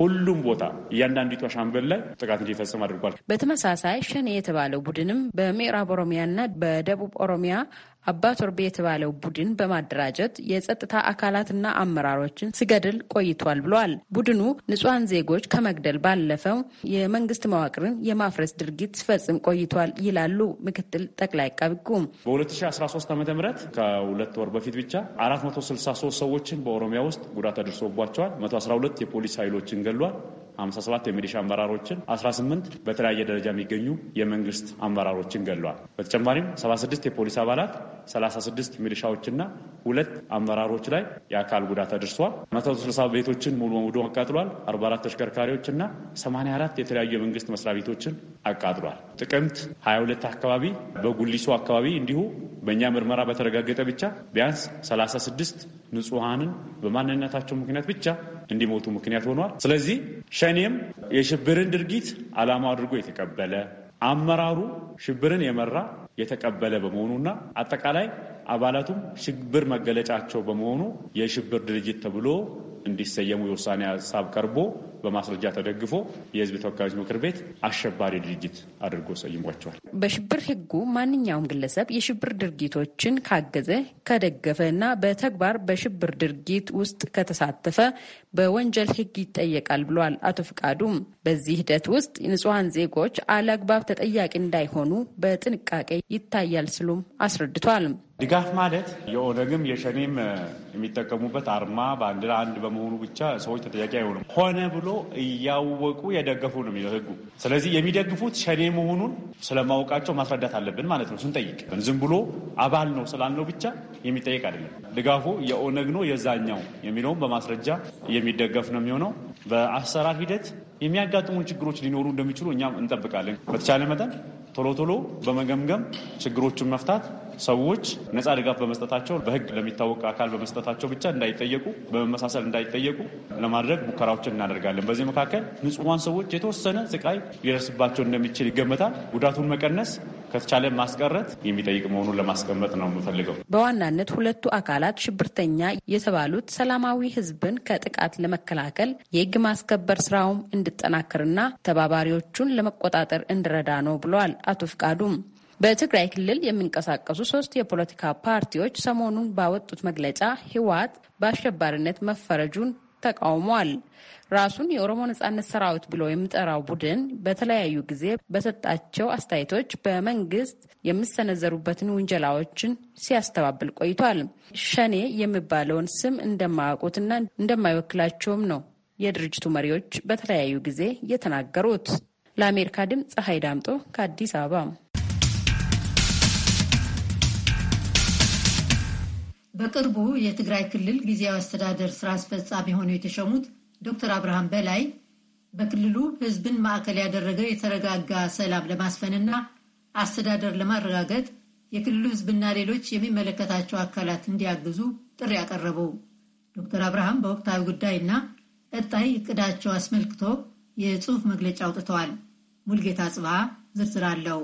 ሁሉም ቦታ እያንዳንዲቷ ሻምበል ላይ ጥቃት እንዲፈጽም አድርጓል። በተመሳሳይ ሸኔ የተባለው ቡድንም በምዕራብ ኦሮሚያና በደቡብ ኦሮሚያ አባቶርቤ የተባለው ቡድን በማደራጀት የጸጥታ አካላትና አመራሮችን ሲገድል ቆይቷል ብለዋል። ቡድኑ ንጹሐን ዜጎች ከመግደል ባለፈው የመንግስት መዋቅርን የማፍረስ ድርጊት ሲፈጽም ቆይቷል ይላሉ ምክትል ጠቅላይ አቃቤ ሕጉ። በ2013 ዓ ም ከሁለት ወር በፊት ብቻ 463 ሰዎችን በኦሮሚያ ውስጥ ጉዳት አድርሶባቸዋል። 112 የፖሊስ ኃይሎችን 个乱。57 የሚሊሻ አመራሮችን፣ 18 በተለያየ ደረጃ የሚገኙ የመንግስት አመራሮችን ገድለዋል። በተጨማሪም 76 የፖሊስ አባላት፣ 36 ሚሊሻዎችና ሁለት አመራሮች ላይ የአካል ጉዳት አድርሷል። 160 ቤቶችን ሙሉ በሙሉ አቃጥሏል። 44 ተሽከርካሪዎች ተሽከርካሪዎችና 84 የተለያዩ የመንግስት መስሪያ ቤቶችን አቃጥሏል። ጥቅምት 22 አካባቢ በጉሊሶ አካባቢ እንዲሁ በእኛ ምርመራ በተረጋገጠ ብቻ ቢያንስ 36 ንጹሐንን በማንነታቸው ምክንያት ብቻ እንዲሞቱ ምክንያት ሆኗል። ስለዚህ ሸኔም የሽብርን ድርጊት ዓላማ አድርጎ የተቀበለ አመራሩ ሽብርን የመራ የተቀበለ በመሆኑና አጠቃላይ አባላቱም ሽብር መገለጫቸው በመሆኑ የሽብር ድርጅት ተብሎ እንዲሰየሙ የውሳኔ ሀሳብ ቀርቦ በማስረጃ ተደግፎ የህዝብ ተወካዮች ምክር ቤት አሸባሪ ድርጅት አድርጎ ሰይሟቸዋል። በሽብር ህጉ ማንኛውም ግለሰብ የሽብር ድርጊቶችን ካገዘ፣ ከደገፈ እና በተግባር በሽብር ድርጊት ውስጥ ከተሳተፈ በወንጀል ህግ ይጠየቃል ብለዋል አቶ ፍቃዱም። በዚህ ሂደት ውስጥ ንጹሐን ዜጎች አለአግባብ ተጠያቂ እንዳይሆኑ በጥንቃቄ ይታያል ስሉም አስረድቷል። ድጋፍ ማለት የኦነግም የሸኔም የሚጠቀሙበት አርማ ባንዲራ አንድ በመሆኑ ብቻ ሰዎች ተጠያቂ አይሆኑም። ሆነ ብሎ እያወቁ የደገፉ ነው የሚለው ህጉ። ስለዚህ የሚደግፉት ሸኔ መሆኑን ስለማወቃቸው ማስረዳት አለብን ማለት ነው። ስንጠይቅ ዝም ብሎ አባል ነው ስላልነው ብቻ የሚጠይቅ አይደለም። ድጋፉ የኦነግ ነው የዛኛው የሚለውን በማስረጃ የሚደገፍ ነው የሚሆነው። በአሰራር ሂደት የሚያጋጥሙን ችግሮች ሊኖሩ እንደሚችሉ እኛም እንጠብቃለን። በተቻለ መጠን ቶሎ ቶሎ በመገምገም ችግሮቹን መፍታት ሰዎች ነጻ ድጋፍ በመስጠታቸው በህግ ለሚታወቅ አካል በመስጠታቸው ብቻ እንዳይጠየቁ፣ በመመሳሰል እንዳይጠየቁ ለማድረግ ሙከራዎችን እናደርጋለን። በዚህ መካከል ንጹሐን ሰዎች የተወሰነ ስቃይ ሊደርስባቸው እንደሚችል ይገመታል። ጉዳቱን መቀነስ ከተቻለ ማስቀረት የሚጠይቅ መሆኑን ለማስቀመጥ ነው የምፈልገው። በዋናነት ሁለቱ አካላት ሽብርተኛ የተባሉት ሰላማዊ ህዝብን ከጥቃት ለመከላከል የህግ ማስከበር ስራውም እንዲጠናከርና ተባባሪዎቹን ለመቆጣጠር እንዲረዳ ነው ብለዋል አቶ ፍቃዱም። በትግራይ ክልል የሚንቀሳቀሱ ሶስት የፖለቲካ ፓርቲዎች ሰሞኑን ባወጡት መግለጫ ህወሓት በአሸባሪነት መፈረጁን ተቃውሟል። ራሱን የኦሮሞ ነጻነት ሰራዊት ብሎ የሚጠራው ቡድን በተለያዩ ጊዜ በሰጣቸው አስተያየቶች በመንግስት የሚሰነዘሩበትን ውንጀላዎችን ሲያስተባብል ቆይቷል። ሸኔ የሚባለውን ስም እንደማያውቁትና እንደማይወክላቸውም ነው የድርጅቱ መሪዎች በተለያዩ ጊዜ የተናገሩት። ለአሜሪካ ድምፅ ፀሐይ ዳምጦ ከአዲስ አበባ በቅርቡ የትግራይ ክልል ጊዜያዊ አስተዳደር ስራ አስፈጻሚ ሆነው የተሾሙት ዶክተር አብርሃም በላይ በክልሉ ሕዝብን ማዕከል ያደረገ የተረጋጋ ሰላም ለማስፈንና አስተዳደር ለማረጋገጥ የክልሉ ህዝብና ሌሎች የሚመለከታቸው አካላት እንዲያግዙ ጥሪ ያቀረቡ ዶክተር አብርሃም በወቅታዊ ጉዳይና ቀጣይ እቅዳቸው አስመልክቶ የጽሑፍ መግለጫ አውጥተዋል። ሙልጌታ ጽባ ዝርዝር አለው።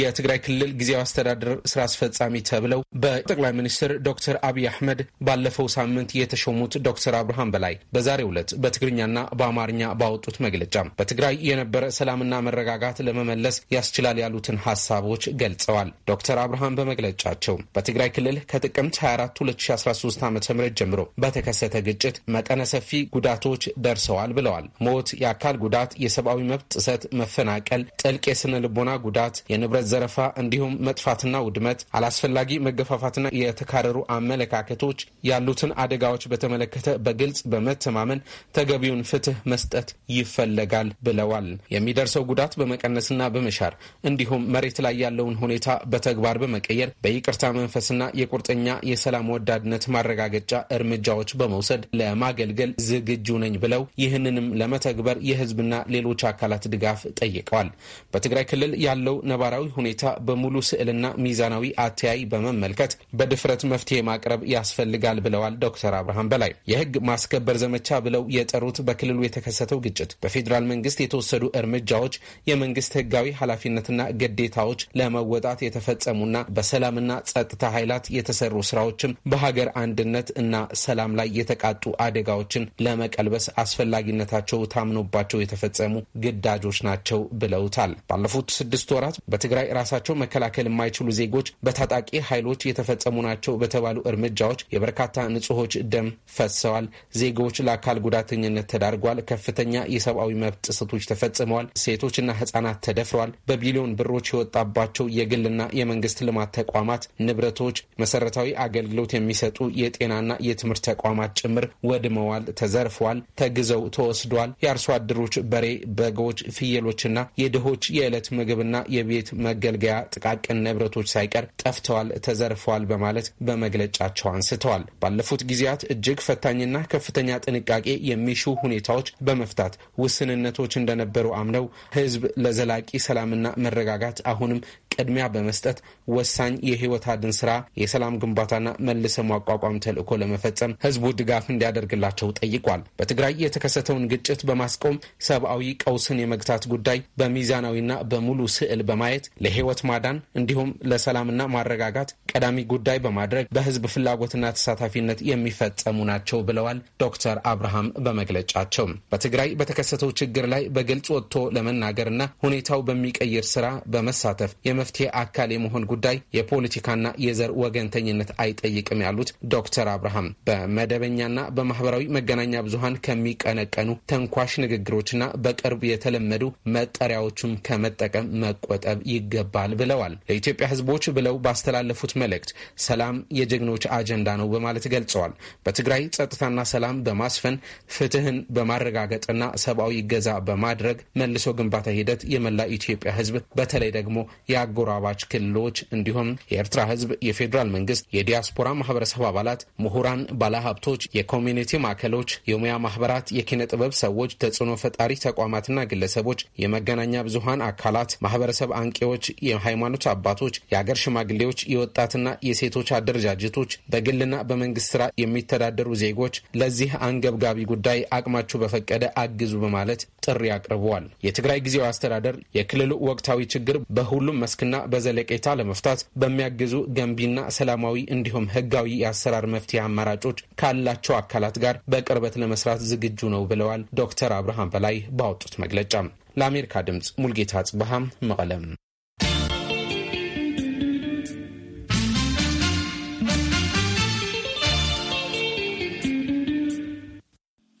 የትግራይ ክልል ጊዜያዊ አስተዳደር ስራ አስፈጻሚ ተብለው በጠቅላይ ሚኒስትር ዶክተር አብይ አህመድ ባለፈው ሳምንት የተሾሙት ዶክተር አብርሃም በላይ በዛሬው ዕለት በትግርኛና በአማርኛ ባወጡት መግለጫ በትግራይ የነበረ ሰላምና መረጋጋት ለመመለስ ያስችላል ያሉትን ሀሳቦች ገልጸዋል። ዶክተር አብርሃም በመግለጫቸው በትግራይ ክልል ከጥቅምት 24 2013 ዓ ም ጀምሮ በተከሰተ ግጭት መጠነ ሰፊ ጉዳቶች ደርሰዋል ብለዋል። ሞት፣ የአካል ጉዳት፣ የሰብአዊ መብት ጥሰት፣ መፈናቀል፣ ጥልቅ የስነ ልቦና ጉዳት፣ የንብረ ንብረት ዘረፋ እንዲሁም መጥፋትና ውድመት፣ አላስፈላጊ መገፋፋትና የተካረሩ አመለካከቶች ያሉትን አደጋዎች በተመለከተ በግልጽ በመተማመን ተገቢውን ፍትህ መስጠት ይፈለጋል ብለዋል። የሚደርሰው ጉዳት በመቀነስና በመሻር እንዲሁም መሬት ላይ ያለውን ሁኔታ በተግባር በመቀየር በይቅርታ መንፈስና የቁርጠኛ የሰላም ወዳድነት ማረጋገጫ እርምጃዎች በመውሰድ ለማገልገል ዝግጁ ነኝ ብለው ይህንንም ለመተግበር የህዝብና ሌሎች አካላት ድጋፍ ጠይቀዋል። በትግራይ ክልል ያለው ነባራዊ ያለውን ሁኔታ በሙሉ ስዕልና ሚዛናዊ አተያይ በመመልከት በድፍረት መፍትሄ ማቅረብ ያስፈልጋል ብለዋል ዶክተር አብርሃም በላይ። የህግ ማስከበር ዘመቻ ብለው የጠሩት በክልሉ የተከሰተው ግጭት በፌዴራል መንግስት የተወሰዱ እርምጃዎች የመንግስት ህጋዊ ኃላፊነትና ግዴታዎች ለመወጣት የተፈጸሙና በሰላምና ጸጥታ ኃይላት የተሰሩ ስራዎችም በሀገር አንድነት እና ሰላም ላይ የተቃጡ አደጋዎችን ለመቀልበስ አስፈላጊነታቸው ታምኖባቸው የተፈጸሙ ግዳጆች ናቸው ብለውታል። ባለፉት ስድስት ወራት በትግራ በትግራይ ራሳቸው መከላከል የማይችሉ ዜጎች በታጣቂ ኃይሎች የተፈጸሙ ናቸው በተባሉ እርምጃዎች የበርካታ ንጹሆች ደም ፈሰዋል። ዜጎች ለአካል ጉዳተኝነት ተዳርጓል። ከፍተኛ የሰብአዊ መብት ጥሰቶች ተፈጽመዋል። ሴቶችና ህጻናት ተደፍረዋል። በቢሊዮን ብሮች የወጣባቸው የግልና የመንግስት ልማት ተቋማት ንብረቶች፣ መሰረታዊ አገልግሎት የሚሰጡ የጤናና የትምህርት ተቋማት ጭምር ወድመዋል፣ ተዘርፈዋል፣ ተግዘው ተወስደዋል። የአርሶ አደሮች በሬ፣ በጎች፣ ፍየሎችና የድሆች የዕለት ምግብና የቤት መገልገያ ጥቃቅን ንብረቶች ሳይቀር ጠፍተዋል፣ ተዘርፈዋል በማለት በመግለጫቸው አንስተዋል። ባለፉት ጊዜያት እጅግ ፈታኝና ከፍተኛ ጥንቃቄ የሚሹ ሁኔታዎች በመፍታት ውስንነቶች እንደነበሩ አምነው ህዝብ ለዘላቂ ሰላምና መረጋጋት አሁንም ቅድሚያ በመስጠት ወሳኝ የህይወት አድን ስራ የሰላም ግንባታና መልሰ ማቋቋም ተልዕኮ ለመፈጸም ህዝቡ ድጋፍ እንዲያደርግላቸው ጠይቋል። በትግራይ የተከሰተውን ግጭት በማስቆም ሰብአዊ ቀውስን የመግታት ጉዳይ በሚዛናዊና በሙሉ ስዕል በማየት ለህይወት ማዳን እንዲሁም ለሰላምና ማረጋጋት ቀዳሚ ጉዳይ በማድረግ በህዝብ ፍላጎትና ተሳታፊነት የሚፈጸሙ ናቸው ብለዋል ዶክተር አብርሃም በመግለጫቸው። በትግራይ በተከሰተው ችግር ላይ በግልጽ ወጥቶ ለመናገርና ሁኔታው በሚቀይር ስራ በመሳተፍ የመፍትሄ አካል የመሆን ጉዳይ የፖለቲካና የዘር ወገንተኝነት አይጠይቅም ያሉት ዶክተር አብርሃም በመደበኛና በማህበራዊ መገናኛ ብዙሃን ከሚቀነቀኑ ተንኳሽ ንግግሮችና በቅርብ የተለመዱ መጠሪያዎቹም ከመጠቀም መቆጠብ ይ። ይገባል ብለዋል። ለኢትዮጵያ ህዝቦች ብለው ባስተላለፉት መልእክት ሰላም የጀግኖች አጀንዳ ነው በማለት ገልጸዋል። በትግራይ ጸጥታና ሰላም በማስፈን ፍትህን በማረጋገጥና ሰብአዊ ገዛ በማድረግ መልሶ ግንባታ ሂደት የመላ ኢትዮጵያ ህዝብ በተለይ ደግሞ የአጎራባች ክልሎች እንዲሁም የኤርትራ ህዝብ፣ የፌዴራል መንግስት፣ የዲያስፖራ ማህበረሰብ አባላት፣ ምሁራን፣ ባለሀብቶች፣ የኮሚኒቲ ማዕከሎች፣ የሙያ ማህበራት፣ የኪነ ጥበብ ሰዎች፣ ተጽዕኖ ፈጣሪ ተቋማትና ግለሰቦች፣ የመገናኛ ብዙሀን አካላት፣ ማህበረሰብ አንቂዎች መሪዎች፣ የሃይማኖት አባቶች፣ የአገር ሽማግሌዎች፣ የወጣትና የሴቶች አደረጃጀቶች፣ በግልና በመንግስት ስራ የሚተዳደሩ ዜጎች ለዚህ አንገብጋቢ ጉዳይ አቅማችሁ በፈቀደ አግዙ በማለት ጥሪ አቅርበዋል። የትግራይ ጊዜያዊ አስተዳደር የክልሉ ወቅታዊ ችግር በሁሉም መስክና በዘለቄታ ለመፍታት በሚያግዙ ገንቢና ሰላማዊ እንዲሁም ህጋዊ የአሰራር መፍትሄ አማራጮች ካላቸው አካላት ጋር በቅርበት ለመስራት ዝግጁ ነው ብለዋል ዶክተር አብርሃም በላይ ባወጡት መግለጫ። ለአሜሪካ ድምፅ ሙልጌታ ጽበሃም መቀለም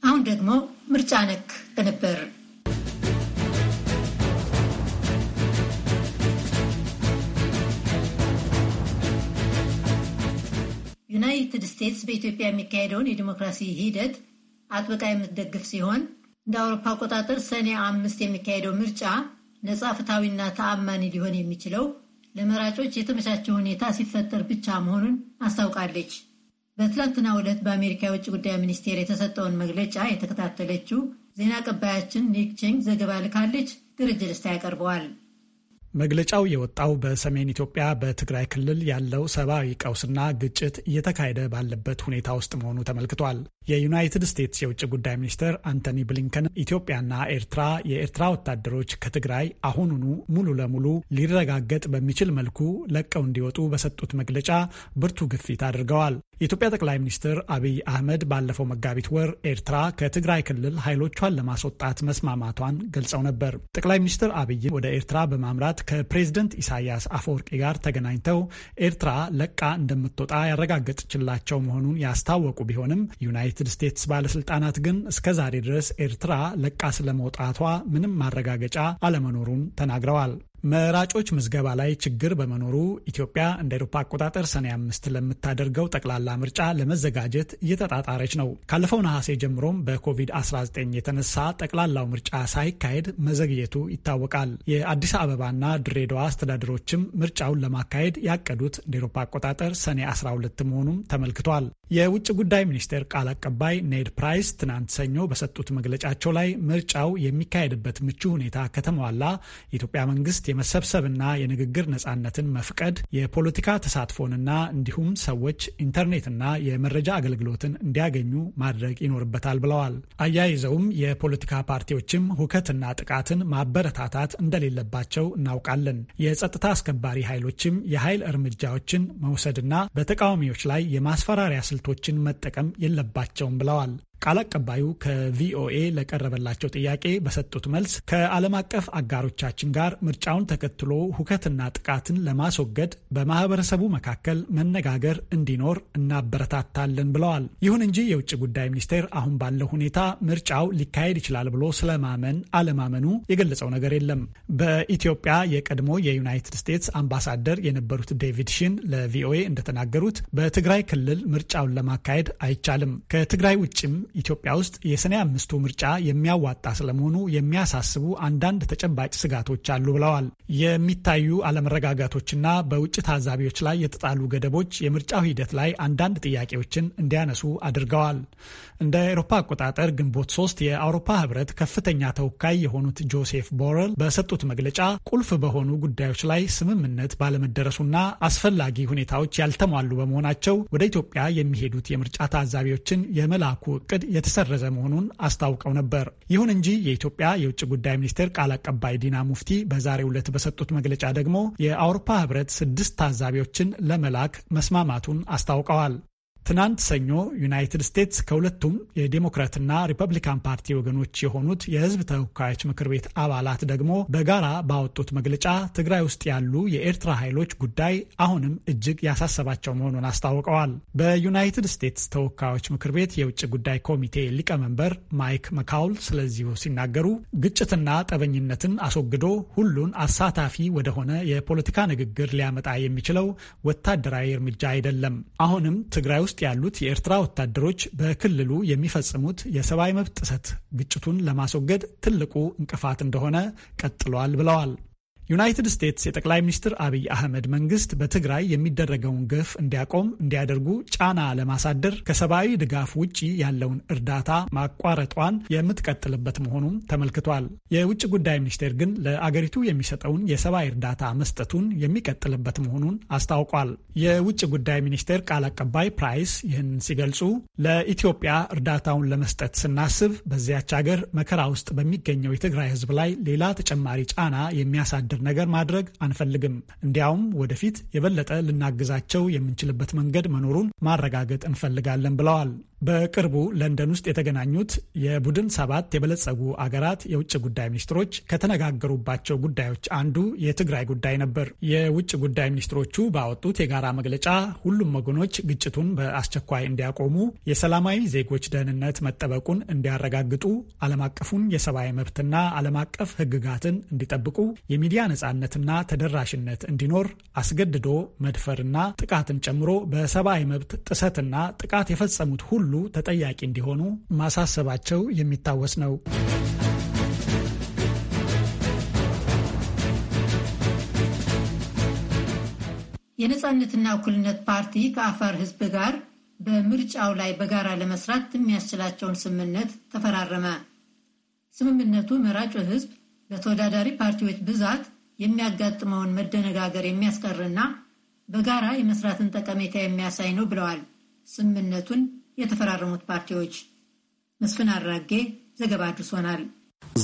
አሁን ደግሞ ምርጫ ነክ ቅንብር ዩናይትድ ስቴትስ በኢትዮጵያ የሚካሄደውን የዲሞክራሲ ሂደት አጥብቃ የምትደግፍ ሲሆን እንደ አውሮፓ አቆጣጠር ሰኔ አምስት የሚካሄደው ምርጫ ነጻ ፍትሐዊና ተአማኒ ሊሆን የሚችለው ለመራጮች የተመቻቸው ሁኔታ ሲፈጠር ብቻ መሆኑን አስታውቃለች። በትላንትና ዕለት በአሜሪካ የውጭ ጉዳይ ሚኒስቴር የተሰጠውን መግለጫ የተከታተለችው ዜና አቀባያችን ኒክ ቼንግ ዘገባ ልካለች። ደረጀ ደስታ ያቀርበዋል። መግለጫው የወጣው በሰሜን ኢትዮጵያ በትግራይ ክልል ያለው ሰብአዊ ቀውስና ግጭት እየተካሄደ ባለበት ሁኔታ ውስጥ መሆኑ ተመልክቷል። የዩናይትድ ስቴትስ የውጭ ጉዳይ ሚኒስትር አንቶኒ ብሊንከን ኢትዮጵያና ኤርትራ የኤርትራ ወታደሮች ከትግራይ አሁኑኑ ሙሉ ለሙሉ ሊረጋገጥ በሚችል መልኩ ለቀው እንዲወጡ በሰጡት መግለጫ ብርቱ ግፊት አድርገዋል። የኢትዮጵያ ጠቅላይ ሚኒስትር አብይ አህመድ ባለፈው መጋቢት ወር ኤርትራ ከትግራይ ክልል ኃይሎቿን ለማስወጣት መስማማቷን ገልጸው ነበር። ጠቅላይ ሚኒስትር አብይ ወደ ኤርትራ በማምራት ከፕሬዝደንት ኢሳያስ አፈወርቂ ጋር ተገናኝተው ኤርትራ ለቃ እንደምትወጣ ያረጋገጥችላቸው መሆኑን ያስታወቁ ቢሆንም ዩናይትድ ስቴትስ ባለስልጣናት ግን እስከ ዛሬ ድረስ ኤርትራ ለቃ ስለመውጣቷ ምንም ማረጋገጫ አለመኖሩን ተናግረዋል። መራጮች ምዝገባ ላይ ችግር በመኖሩ ኢትዮጵያ እንደ ኤሮፓ አቆጣጠር ሰኔ አምስት ለምታደርገው ጠቅላላ ምርጫ ለመዘጋጀት እየተጣጣረች ነው። ካለፈው ነሐሴ ጀምሮም በኮቪድ-19 የተነሳ ጠቅላላው ምርጫ ሳይካሄድ መዘግየቱ ይታወቃል። የአዲስ አበባና ድሬዳዋ አስተዳደሮችም ምርጫውን ለማካሄድ ያቀዱት እንደ ኤሮፓ አቆጣጠር ሰኔ 12 መሆኑም ተመልክቷል። የውጭ ጉዳይ ሚኒስቴር ቃል አቀባይ ኔድ ፕራይስ ትናንት ሰኞ በሰጡት መግለጫቸው ላይ ምርጫው የሚካሄድበት ምቹ ሁኔታ ከተሟላ የኢትዮጵያ መንግስት የመሰብሰብና የንግግር ነጻነትን መፍቀድ፣ የፖለቲካ ተሳትፎንና እንዲሁም ሰዎች ኢንተርኔትና የመረጃ አገልግሎትን እንዲያገኙ ማድረግ ይኖርበታል ብለዋል። አያይዘውም የፖለቲካ ፓርቲዎችም ሁከትና ጥቃትን ማበረታታት እንደሌለባቸው እናውቃለን። የጸጥታ አስከባሪ ኃይሎችም የኃይል እርምጃዎችን መውሰድና በተቃዋሚዎች ላይ የማስፈራሪያ ስልቶችን መጠቀም የለባቸውም ብለዋል። ቃል አቀባዩ ከቪኦኤ ለቀረበላቸው ጥያቄ በሰጡት መልስ ከዓለም አቀፍ አጋሮቻችን ጋር ምርጫውን ተከትሎ ሁከትና ጥቃትን ለማስወገድ በማህበረሰቡ መካከል መነጋገር እንዲኖር እናበረታታለን ብለዋል። ይሁን እንጂ የውጭ ጉዳይ ሚኒስቴር አሁን ባለው ሁኔታ ምርጫው ሊካሄድ ይችላል ብሎ ስለማመን አለማመኑ የገለጸው ነገር የለም። በኢትዮጵያ የቀድሞ የዩናይትድ ስቴትስ አምባሳደር የነበሩት ዴቪድ ሽን ለቪኦኤ እንደተናገሩት በትግራይ ክልል ምርጫውን ለማካሄድ አይቻልም ከትግራይ ውጭም ኢትዮጵያ ውስጥ የሰኔ አምስቱ ምርጫ የሚያዋጣ ስለመሆኑ የሚያሳስቡ አንዳንድ ተጨባጭ ስጋቶች አሉ ብለዋል። የሚታዩ አለመረጋጋቶችና በውጭ ታዛቢዎች ላይ የተጣሉ ገደቦች የምርጫው ሂደት ላይ አንዳንድ ጥያቄዎችን እንዲያነሱ አድርገዋል። እንደ አውሮፓ አቆጣጠር ግንቦት ሶስት የአውሮፓ ህብረት ከፍተኛ ተወካይ የሆኑት ጆሴፍ ቦረል በሰጡት መግለጫ ቁልፍ በሆኑ ጉዳዮች ላይ ስምምነት ባለመደረሱና አስፈላጊ ሁኔታዎች ያልተሟሉ በመሆናቸው ወደ ኢትዮጵያ የሚሄዱት የምርጫ ታዛቢዎችን የመላኩ እቅድ እቅድ የተሰረዘ መሆኑን አስታውቀው ነበር። ይሁን እንጂ የኢትዮጵያ የውጭ ጉዳይ ሚኒስቴር ቃል አቀባይ ዲና ሙፍቲ በዛሬው ዕለት በሰጡት መግለጫ ደግሞ የአውሮፓ ህብረት ስድስት ታዛቢዎችን ለመላክ መስማማቱን አስታውቀዋል። ትናንት ሰኞ ዩናይትድ ስቴትስ ከሁለቱም የዴሞክራትና ሪፐብሊካን ፓርቲ ወገኖች የሆኑት የሕዝብ ተወካዮች ምክር ቤት አባላት ደግሞ በጋራ ባወጡት መግለጫ ትግራይ ውስጥ ያሉ የኤርትራ ኃይሎች ጉዳይ አሁንም እጅግ ያሳሰባቸው መሆኑን አስታውቀዋል። በዩናይትድ ስቴትስ ተወካዮች ምክር ቤት የውጭ ጉዳይ ኮሚቴ ሊቀመንበር ማይክ መካውል ስለዚሁ ሲናገሩ ግጭትና ጠበኝነትን አስወግዶ ሁሉን አሳታፊ ወደሆነ የፖለቲካ ንግግር ሊያመጣ የሚችለው ወታደራዊ እርምጃ አይደለም። አሁንም ትግራይ ውስጥ ያሉት የኤርትራ ወታደሮች በክልሉ የሚፈጽሙት የሰብአዊ መብት ጥሰት ግጭቱን ለማስወገድ ትልቁ እንቅፋት እንደሆነ ቀጥሏል ብለዋል። ዩናይትድ ስቴትስ የጠቅላይ ሚኒስትር አብይ አህመድ መንግስት በትግራይ የሚደረገውን ግፍ እንዲያቆም እንዲያደርጉ ጫና ለማሳደር ከሰብአዊ ድጋፍ ውጪ ያለውን እርዳታ ማቋረጧን የምትቀጥልበት መሆኑም ተመልክቷል። የውጭ ጉዳይ ሚኒስቴር ግን ለአገሪቱ የሚሰጠውን የሰብአዊ እርዳታ መስጠቱን የሚቀጥልበት መሆኑን አስታውቋል። የውጭ ጉዳይ ሚኒስቴር ቃል አቀባይ ፕራይስ ይህን ሲገልጹ ለኢትዮጵያ እርዳታውን ለመስጠት ስናስብ በዚያች ሀገር መከራ ውስጥ በሚገኘው የትግራይ ህዝብ ላይ ሌላ ተጨማሪ ጫና የሚያሳድር የሚያስቸግር ነገር ማድረግ አንፈልግም። እንዲያውም ወደፊት የበለጠ ልናግዛቸው የምንችልበት መንገድ መኖሩን ማረጋገጥ እንፈልጋለን ብለዋል። በቅርቡ ለንደን ውስጥ የተገናኙት የቡድን ሰባት የበለጸጉ አገራት የውጭ ጉዳይ ሚኒስትሮች ከተነጋገሩባቸው ጉዳዮች አንዱ የትግራይ ጉዳይ ነበር። የውጭ ጉዳይ ሚኒስትሮቹ ባወጡት የጋራ መግለጫ ሁሉም ወገኖች ግጭቱን በአስቸኳይ እንዲያቆሙ፣ የሰላማዊ ዜጎች ደህንነት መጠበቁን እንዲያረጋግጡ፣ ዓለም አቀፉን የሰብአዊ መብትና ዓለም አቀፍ ሕግጋትን እንዲጠብቁ፣ የሚዲያ ነጻነትና ተደራሽነት እንዲኖር፣ አስገድዶ መድፈርና ጥቃትን ጨምሮ በሰብአዊ መብት ጥሰትና ጥቃት የፈጸሙት ሁሉ ሁሉ ተጠያቂ እንዲሆኑ ማሳሰባቸው የሚታወስ ነው። የነፃነትና እኩልነት ፓርቲ ከአፋር ሕዝብ ጋር በምርጫው ላይ በጋራ ለመስራት የሚያስችላቸውን ስምምነት ተፈራረመ። ስምምነቱ መራጩ ሕዝብ ለተወዳዳሪ ፓርቲዎች ብዛት የሚያጋጥመውን መደነጋገር የሚያስቀርና በጋራ የመስራትን ጠቀሜታ የሚያሳይ ነው ብለዋል። ስምምነቱን የተፈራረሙት ፓርቲዎች። መስፍን አራጌ ዘገባ አድርሶናል።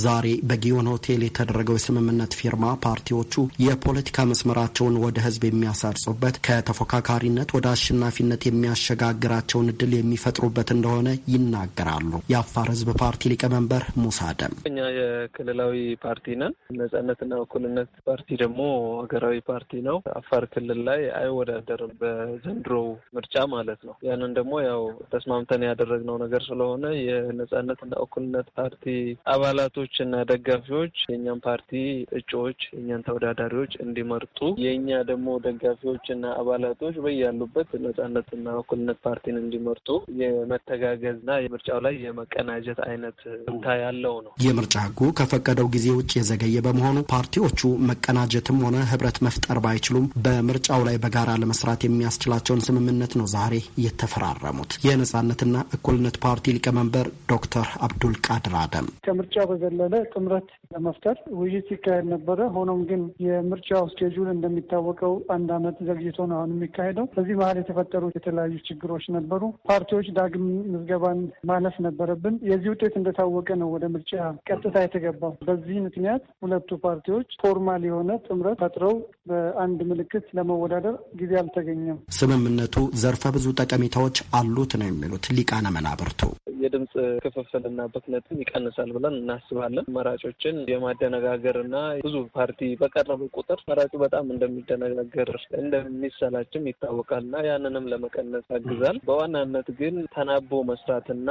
ዛሬ በጊዮን ሆቴል የተደረገው የስምምነት ፊርማ ፓርቲዎቹ የፖለቲካ መስመራቸውን ወደ ህዝብ የሚያሳርጹበት ከተፎካካሪነት ወደ አሸናፊነት የሚያሸጋግራቸውን እድል የሚፈጥሩበት እንደሆነ ይናገራሉ። የአፋር ህዝብ ፓርቲ ሊቀመንበር ሙሳ ደም እኛ የክልላዊ ፓርቲ ነን። ነጻነትና እኩልነት ፓርቲ ደግሞ ሀገራዊ ፓርቲ ነው። አፋር ክልል ላይ አይወዳደርም በዘንድሮ ምርጫ ማለት ነው። ያንን ደግሞ ያው ተስማምተን ያደረግነው ነገር ስለሆነ የነጻነትና እኩልነት ፓርቲ አባላቶች አባላቶች እና ደጋፊዎች የእኛን ፓርቲ እጩዎች የእኛን ተወዳዳሪዎች እንዲመርጡ የእኛ ደግሞ ደጋፊዎች እና አባላቶች በያሉበት ነጻነትና እኩልነት ፓርቲን እንዲመርጡ የመተጋገዝና የምርጫው ላይ የመቀናጀት አይነት ብታ ያለው ነው። የምርጫ ህጉ ከፈቀደው ጊዜ ውጭ የዘገየ በመሆኑ ፓርቲዎቹ መቀናጀትም ሆነ ህብረት መፍጠር ባይችሉም በምርጫው ላይ በጋራ ለመስራት የሚያስችላቸውን ስምምነት ነው ዛሬ የተፈራረሙት። የነጻነትና እኩልነት ፓርቲ ሊቀመንበር ዶክተር አብዱል ቃድር አደም ከምርጫው የዘለለ ጥምረት ለመፍጠር ውይይት ሲካሄድ ነበረ። ሆኖም ግን የምርጫው ስኬጁል እንደሚታወቀው አንድ ዓመት ዘግይቶ ነው አሁን የሚካሄደው። በዚህ መሀል የተፈጠሩ የተለያዩ ችግሮች ነበሩ። ፓርቲዎች ዳግም ምዝገባን ማለፍ ነበረብን። የዚህ ውጤት እንደታወቀ ነው ወደ ምርጫ ቀጥታ የተገባው። በዚህ ምክንያት ሁለቱ ፓርቲዎች ፎርማል የሆነ ጥምረት ፈጥረው በአንድ ምልክት ለመወዳደር ጊዜ አልተገኘም። ስምምነቱ ዘርፈ ብዙ ጠቀሜታዎች አሉት ነው የሚሉት ሊቃነ መናብርቱ። የድምፅ ክፍፍልና ብክነትን ይቀንሳል ብለን እናስብ እናስባለን። መራጮችን የማደነጋገር እና ብዙ ፓርቲ በቀረበ ቁጥር መራጩ በጣም እንደሚደነጋገር እንደሚሰላችም ይታወቃል እና ያንንም ለመቀነስ ያግዛል። በዋናነት ግን ተናቦ መስራትና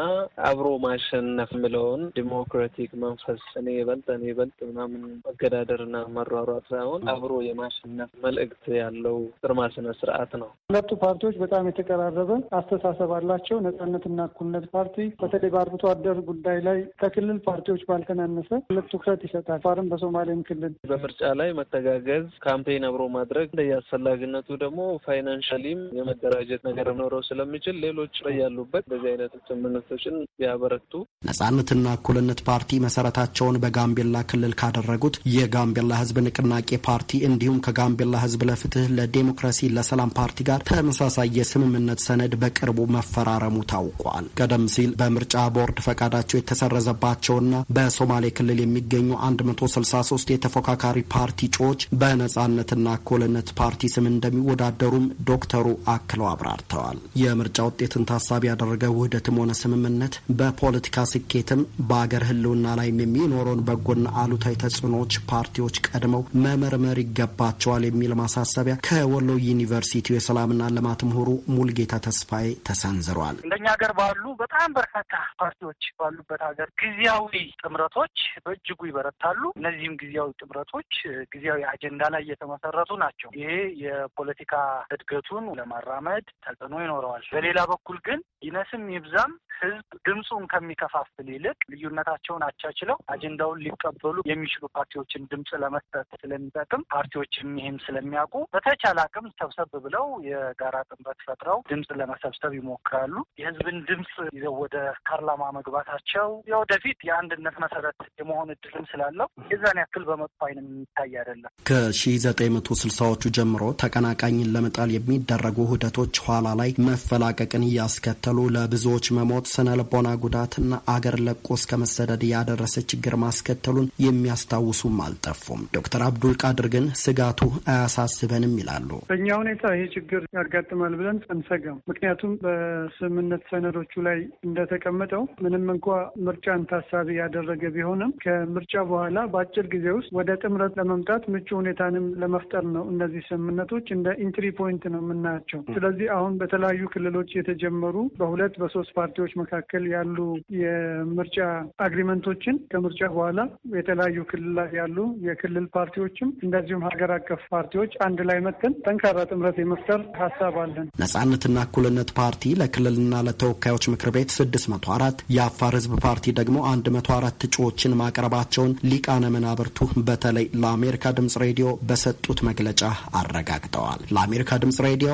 አብሮ ማሸነፍ የምለውን ዲሞክራቲክ መንፈስ እኔ ይበልጥ እኔ ይበልጥ ምናምን መገዳደርና መሯሯጥ ሳይሆን አብሮ የማሸነፍ መልእክት ያለው ግርማ ስነ ስርዓት ነው። ሁለቱ ፓርቲዎች በጣም የተቀራረበ አስተሳሰብ አላቸው። ነጻነትና እኩልነት ፓርቲ በተለይ በአርብቶ አደር ጉዳይ ላይ ከክልል ፓርቲዎች ባልከ ያልተናነሰ ሁለት ትኩረት ይሰጣል። አፋርም በሶማሌም ክልል በምርጫ ላይ መተጋገዝ፣ ካምፔን አብሮ ማድረግ እንደየአስፈላጊነቱ ደግሞ ፋይናንሻሊም የመደራጀት ነገር ኖረው ስለሚችል ሌሎች ላይ ያሉበት በዚህ አይነት ስምምነቶችን ያበረቱ። ነጻነትና እኩልነት ፓርቲ መሰረታቸውን በጋምቤላ ክልል ካደረጉት የጋምቤላ ህዝብ ንቅናቄ ፓርቲ እንዲሁም ከጋምቤላ ህዝብ ለፍትህ ለዴሞክራሲ ለሰላም ፓርቲ ጋር ተመሳሳይ የስምምነት ሰነድ በቅርቡ መፈራረሙ ታውቋል። ቀደም ሲል በምርጫ ቦርድ ፈቃዳቸው የተሰረዘባቸውና በሶ በሶማሌ ክልል የሚገኙ 163 የተፎካካሪ ፓርቲ እጩዎች በነጻነትና እኩልነት ፓርቲ ስም እንደሚወዳደሩም ዶክተሩ አክለው አብራርተዋል። የምርጫ ውጤትን ታሳቢ ያደረገ ውህደትም ሆነ ስምምነት በፖለቲካ ስኬትም በአገር ህልውና ላይም የሚኖረውን በጎና አሉታዊ ተጽዕኖዎች ፓርቲዎች ቀድመው መመርመር ይገባቸዋል የሚል ማሳሰቢያ ከወሎ ዩኒቨርሲቲው የሰላምና ልማት ምሁሩ ሙልጌታ ተስፋዬ ተሰንዝሯል። እንደኛ ሀገር ባሉ በጣም በርካታ ፓርቲዎች ባሉበት ሀገር ጊዜያዊ ጥምረት ጥምረቶች በእጅጉ ይበረታሉ። እነዚህም ጊዜያዊ ጥምረቶች ጊዜያዊ አጀንዳ ላይ የተመሰረቱ ናቸው። ይሄ የፖለቲካ እድገቱን ለማራመድ ተጽዕኖ ይኖረዋል። በሌላ በኩል ግን ይነስም ይብዛም ህዝብ ድምፁን ከሚከፋፍል ይልቅ ልዩነታቸውን አቻችለው አጀንዳውን ሊቀበሉ የሚችሉ ፓርቲዎችን ድምፅ ለመስጠት ስለሚጠቅም ፓርቲዎችም ይህም ስለሚያውቁ በተቻለ አቅም ሰብሰብ ብለው የጋራ ጥንበት ፈጥረው ድምፅ ለመሰብሰብ ይሞክራሉ። የህዝብን ድምፅ ይዘው ወደ ፓርላማ መግባታቸው የወደፊት የአንድነት መሰረት የመሆን እድልም ስላለው የዛን ያክል በመጥፎ አይንም የሚታይ አይደለም። ከሺህ ዘጠኝ መቶ ስልሳዎቹ ጀምሮ ተቀናቃኝን ለመጣል የሚደረጉ ውህደቶች ኋላ ላይ መፈላቀቅን እያስከተሉ ለብዙዎች መሞት ሞት፣ ስነ ልቦና ጉዳትና አገር ለቆ እስከ መሰደድ ያደረሰ ችግር ማስከተሉን የሚያስታውሱም አልጠፉም። ዶክተር አብዱል ቃድር ግን ስጋቱ አያሳስበንም ይላሉ። በእኛ ሁኔታ ይሄ ችግር ያጋጥማል ብለን አንሰጋም። ምክንያቱም በስምምነት ሰነዶቹ ላይ እንደተቀመጠው ምንም እንኳ ምርጫን ታሳቢ ያደረገ ቢሆንም ከምርጫ በኋላ በአጭር ጊዜ ውስጥ ወደ ጥምረት ለመምጣት ምቹ ሁኔታንም ለመፍጠር ነው። እነዚህ ስምምነቶች እንደ ኢንትሪ ፖይንት ነው የምናያቸው። ስለዚህ አሁን በተለያዩ ክልሎች የተጀመሩ በሁለት በሶስት ፓርቲዎች መካከል ያሉ የምርጫ አግሪመንቶችን ከምርጫ በኋላ የተለያዩ ክልል ያሉ የክልል ፓርቲዎችም እንደዚሁም ሀገር አቀፍ ፓርቲዎች አንድ ላይ መጥተን ጠንካራ ጥምረት የመፍጠር ሀሳብ አለን። ነጻነትና እኩልነት ፓርቲ ለክልልና ለተወካዮች ምክር ቤት ስድስት መቶ አራት የአፋር ህዝብ ፓርቲ ደግሞ አንድ መቶ አራት እጩዎችን ማቅረባቸውን ሊቃነ መናብርቱ በተለይ ለአሜሪካ ድምጽ ሬዲዮ በሰጡት መግለጫ አረጋግጠዋል። ለአሜሪካ ድምጽ ሬዲዮ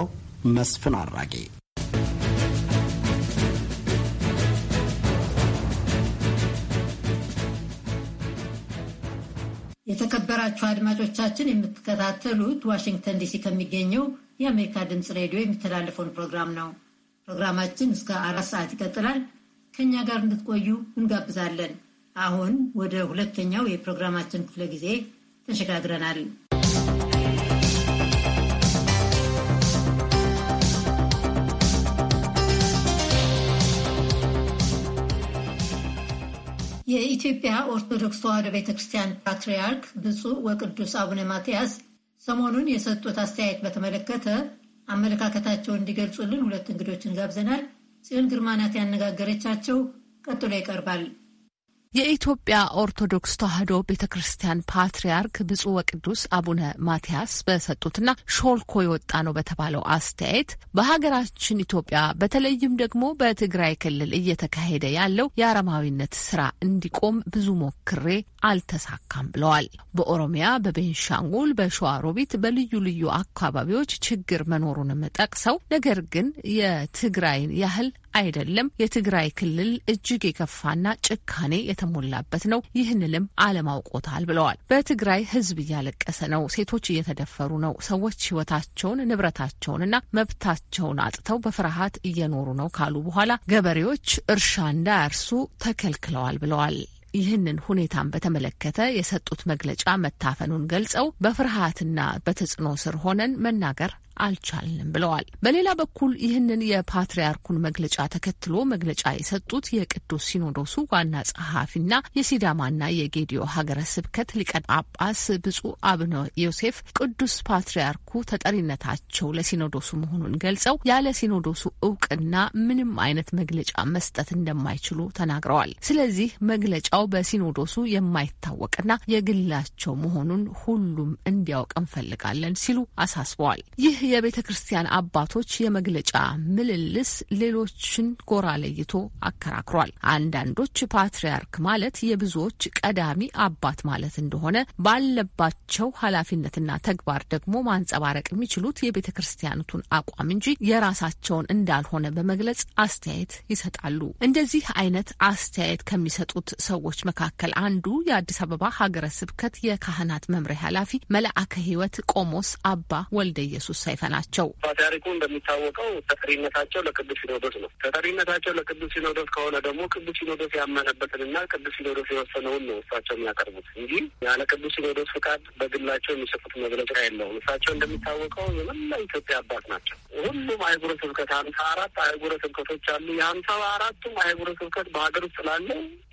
መስፍን አራጌ የተከበራችሁ አድማጮቻችን የምትከታተሉት ዋሽንግተን ዲሲ ከሚገኘው የአሜሪካ ድምፅ ሬዲዮ የሚተላለፈውን ፕሮግራም ነው። ፕሮግራማችን እስከ አራት ሰዓት ይቀጥላል። ከእኛ ጋር እንድትቆዩ እንጋብዛለን። አሁን ወደ ሁለተኛው የፕሮግራማችን ክፍለ ጊዜ ተሸጋግረናል። የኢትዮጵያ ኦርቶዶክስ ተዋሕዶ ቤተ ክርስቲያን ፓትርያርክ ብፁዕ ወቅዱስ አቡነ ማትያስ ሰሞኑን የሰጡት አስተያየት በተመለከተ አመለካከታቸውን እንዲገልጹልን ሁለት እንግዶችን ጋብዘናል። ጽዮን ግርማናት ያነጋገረቻቸው፣ ቀጥሎ ይቀርባል። የኢትዮጵያ ኦርቶዶክስ ተዋሕዶ ቤተ ክርስቲያን ፓትርያርክ ብፁዕ ወቅዱስ አቡነ ማትያስ በሰጡትና ሾልኮ የወጣ ነው በተባለው አስተያየት በሀገራችን ኢትዮጵያ በተለይም ደግሞ በትግራይ ክልል እየተካሄደ ያለው የአረማዊነት ስራ እንዲቆም ብዙ ሞክሬ አልተሳካም ብለዋል። በኦሮሚያ፣ በቤንሻንጉል፣ በሸዋሮቢት በልዩ ልዩ አካባቢዎች ችግር መኖሩንም ጠቅሰው ነገር ግን የትግራይን ያህል አይደለም። የትግራይ ክልል እጅግ የከፋና ጭካኔ የተሞላበት ነው። ይህንንም አለማውቆታል ብለዋል። በትግራይ ሕዝብ እያለቀሰ ነው። ሴቶች እየተደፈሩ ነው። ሰዎች ሕይወታቸውን ንብረታቸውንና መብታቸውን አጥተው በፍርሃት እየኖሩ ነው ካሉ በኋላ ገበሬዎች እርሻ እንዳያርሱ ተከልክለዋል ብለዋል። ይህንን ሁኔታን በተመለከተ የሰጡት መግለጫ መታፈኑን ገልጸው በፍርሃትና በተጽዕኖ ስር ሆነን መናገር አልቻልንም ብለዋል። በሌላ በኩል ይህንን የፓትርያርኩን መግለጫ ተከትሎ መግለጫ የሰጡት የቅዱስ ሲኖዶሱ ዋና ጸሐፊና የሲዳማና የጌዲዮ ሀገረ ስብከት ሊቀ ጳጳስ ብፁዕ አቡነ ዮሴፍ ቅዱስ ፓትርያርኩ ተጠሪነታቸው ለሲኖዶሱ መሆኑን ገልጸው ያለ ሲኖዶሱ እውቅና ምንም አይነት መግለጫ መስጠት እንደማይችሉ ተናግረዋል። ስለዚህ መግለጫው በሲኖዶሱ የማይታወቅና የግላቸው መሆኑን ሁሉም እንዲያውቅ እንፈልጋለን ሲሉ አሳስበዋል። ይህ የቤተ ክርስቲያን አባቶች የመግለጫ ምልልስ ሌሎችን ጎራ ለይቶ አከራክሯል። አንዳንዶች ፓትርያርክ ማለት የብዙዎች ቀዳሚ አባት ማለት እንደሆነ ባለባቸው ኃላፊነትና ተግባር ደግሞ ማንጸባረቅ የሚችሉት የቤተ ክርስቲያኑን አቋም እንጂ የራሳቸውን እንዳልሆነ በመግለጽ አስተያየት ይሰጣሉ። እንደዚህ አይነት አስተያየት ከሚሰጡት ሰዎች መካከል አንዱ የአዲስ አበባ ሀገረ ስብከት የካህናት መምሪያ ኃላፊ መልአከ ሕይወት ቆሞስ አባ ወልደ ኢየሱስ ሳይፈ ናቸው። ፓትርያርኩ እንደሚታወቀው ተጠሪነታቸው ለቅዱስ ሲኖዶስ ነው። ተጠሪነታቸው ለቅዱስ ሲኖዶስ ከሆነ ደግሞ ቅዱስ ሲኖዶስ ያመነበትንና ቅዱስ ሲኖዶስ የወሰነውን ነው እሳቸው የሚያቀርቡት እንጂ ያለ ቅዱስ ሲኖዶስ ፍቃድ በግላቸው የሚሰጡት መግለጫ የለውም። እሳቸው እንደሚታወቀው የመላ ኢትዮጵያ አባት ናቸው። ሁሉም አህጉረ ስብከት ሀምሳ አራት አህጉረ ስብከቶች አሉ። የሀምሳ አራቱም አህጉረ ስብከት በሀገር ውስጥ ላለ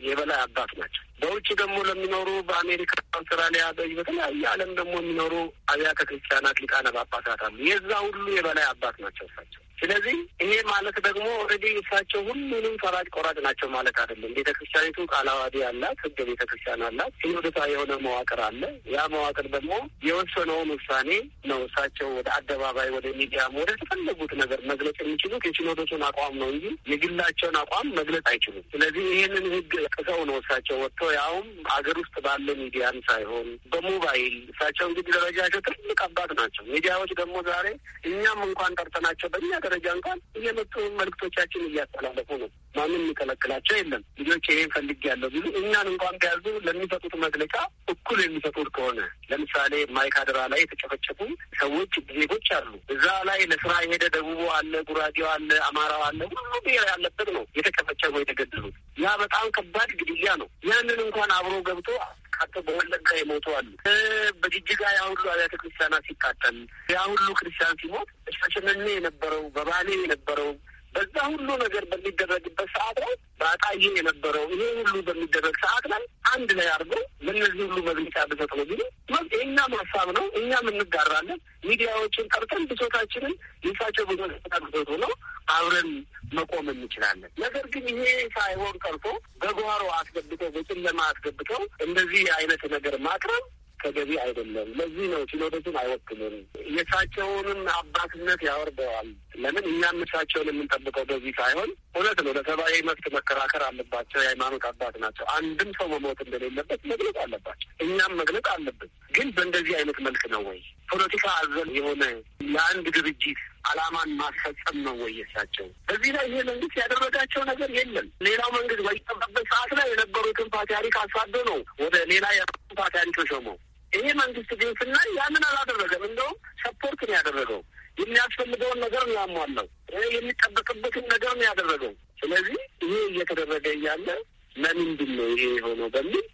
የበላይ አባት ናቸው። በውጭ ደግሞ ለሚኖሩ በአሜሪካ፣ አውስትራሊያ፣ በተለያየ ዓለም ደግሞ የሚኖሩ አብያተ ክርስቲያናት ሊቃነ ጳጳሳት አሉ። የዛ ሁሉ የበላይ አባት ናቸው እሳቸው። ስለዚህ ይሄ ማለት ደግሞ ኦልሬዲ እሳቸው ሁሉንም ፈራጅ ቆራጭ ናቸው ማለት አይደለም። ቤተ ክርስቲያኒቱ ቃለ ዓዋዲ አላት፣ ህገ ቤተ ክርስቲያን አላት፣ ሲኖዶሳ የሆነ መዋቅር አለ። ያ መዋቅር ደግሞ የወሰነውን ውሳኔ ነው እሳቸው ወደ አደባባይ ወደ ሚዲያም ወደ ተፈለጉት ነገር መግለጽ የሚችሉት የሲኖዶሱን አቋም ነው እንጂ የግላቸውን አቋም መግለጽ አይችሉም። ስለዚህ ይህንን ህግ ጥሰው ነው እሳቸው ወጥተው ያውም አገር ውስጥ ባለ ሚዲያም ሳይሆን በሞባይል እሳቸው እንግዲህ ደረጃቸው ትልቅ አባት ናቸው። ሚዲያዎች ደግሞ ዛሬ እኛም እንኳን ጠርተናቸው በእኛ ደረጃ እንኳን እየመጡ መልክቶቻችን እያስተላለፉ ነው። ማንም የሚከለክላቸው የለም። ልጆች ይሄን ፈልግ ያለው ቢሉ እኛን እንኳን ቢያዙ ለሚሰጡት መግለጫ እኩል የሚሰጡት ከሆነ ለምሳሌ ማይካድራ ላይ የተጨፈጨፉ ሰዎች ዜጎች አሉ። እዛ ላይ ለስራ የሄደ ደቡቡ አለ፣ ጉራጌው አለ፣ አማራው አለ፣ ሁሉ ብሔር ያለበት ነው የተጨፈጨፉ የተገደሉት። ያ በጣም ከባድ ግድያ ነው። ያንን እንኳን አብሮ ገብቶ ሲቃጠል በወለጋ የሞቱ አሉ። በጅጅጋ ያ ሁሉ አብያተ ክርስቲያናት ሲቃጠል ያ ሁሉ ክርስቲያን ሲሞት ሻሸመኔ የነበረው በባሌ የነበረው በዛ ሁሉ ነገር በሚደረግበት ሰዓት ላይ በአጣዬ የነበረው ይሄ ሁሉ በሚደረግ ሰዓት ላይ አንድ ላይ አድርጎ ለእነዚህ ሁሉ መግለጫ ብሰጥ ነው ቢሉ መብት የእኛም ሀሳብ ነው። እኛም እንጋራለን። ሚዲያዎችን ጠርተን ብሶታችንን የሳቸው ብሶት ነው አብረን መቆም እንችላለን። ነገር ግን ይሄ ሳይሆን ቀርቶ በጓሮ አስገብተው በጭለማ አስገብተው እንደዚህ አይነት ነገር ማቅረብ ተገቢ አይደለም። ለዚህ ነው ችሎቶችን አይወክልም። የእሳቸውንም አባትነት ያወርደዋል። ለምን እኛ ምሳቸውን የምንጠብቀው በዚህ ሳይሆን፣ እውነት ነው ለሰብአዊ መብት መከራከር አለባቸው። የሃይማኖት አባት ናቸው። አንድም ሰው መሞት እንደሌለበት መግለጽ አለባቸው። እኛም መግለጽ አለብን። ግን በእንደዚህ አይነት መልክ ነው ወይ ፖለቲካ አዘል የሆነ የአንድ ድርጅት አላማን ማስፈጸም ነው ወይ የሳቸው? በዚህ ላይ ይሄ መንግስት ያደረጋቸው ነገር የለም። ሌላው መንግስት በይጠበበት ሰዓት ላይ የነበሩትን ፓትርያርክ አሳዶ ነው ወደ ሌላ የራሱ ፓትርያርክ ሾመው። ይሄ መንግስት ግን ስናይ ያንን አላደረገም። እንደውም ሰፖርት ነው ያደረገው የሚያስፈልገውን ነገር ነው ያሟላው፣ የሚጠበቅበትን ነገር ነው ያደረገው። ስለዚህ ይሄ እየተደረገ እያለ ለምንድን ነው ይሄ የሆነው በሚል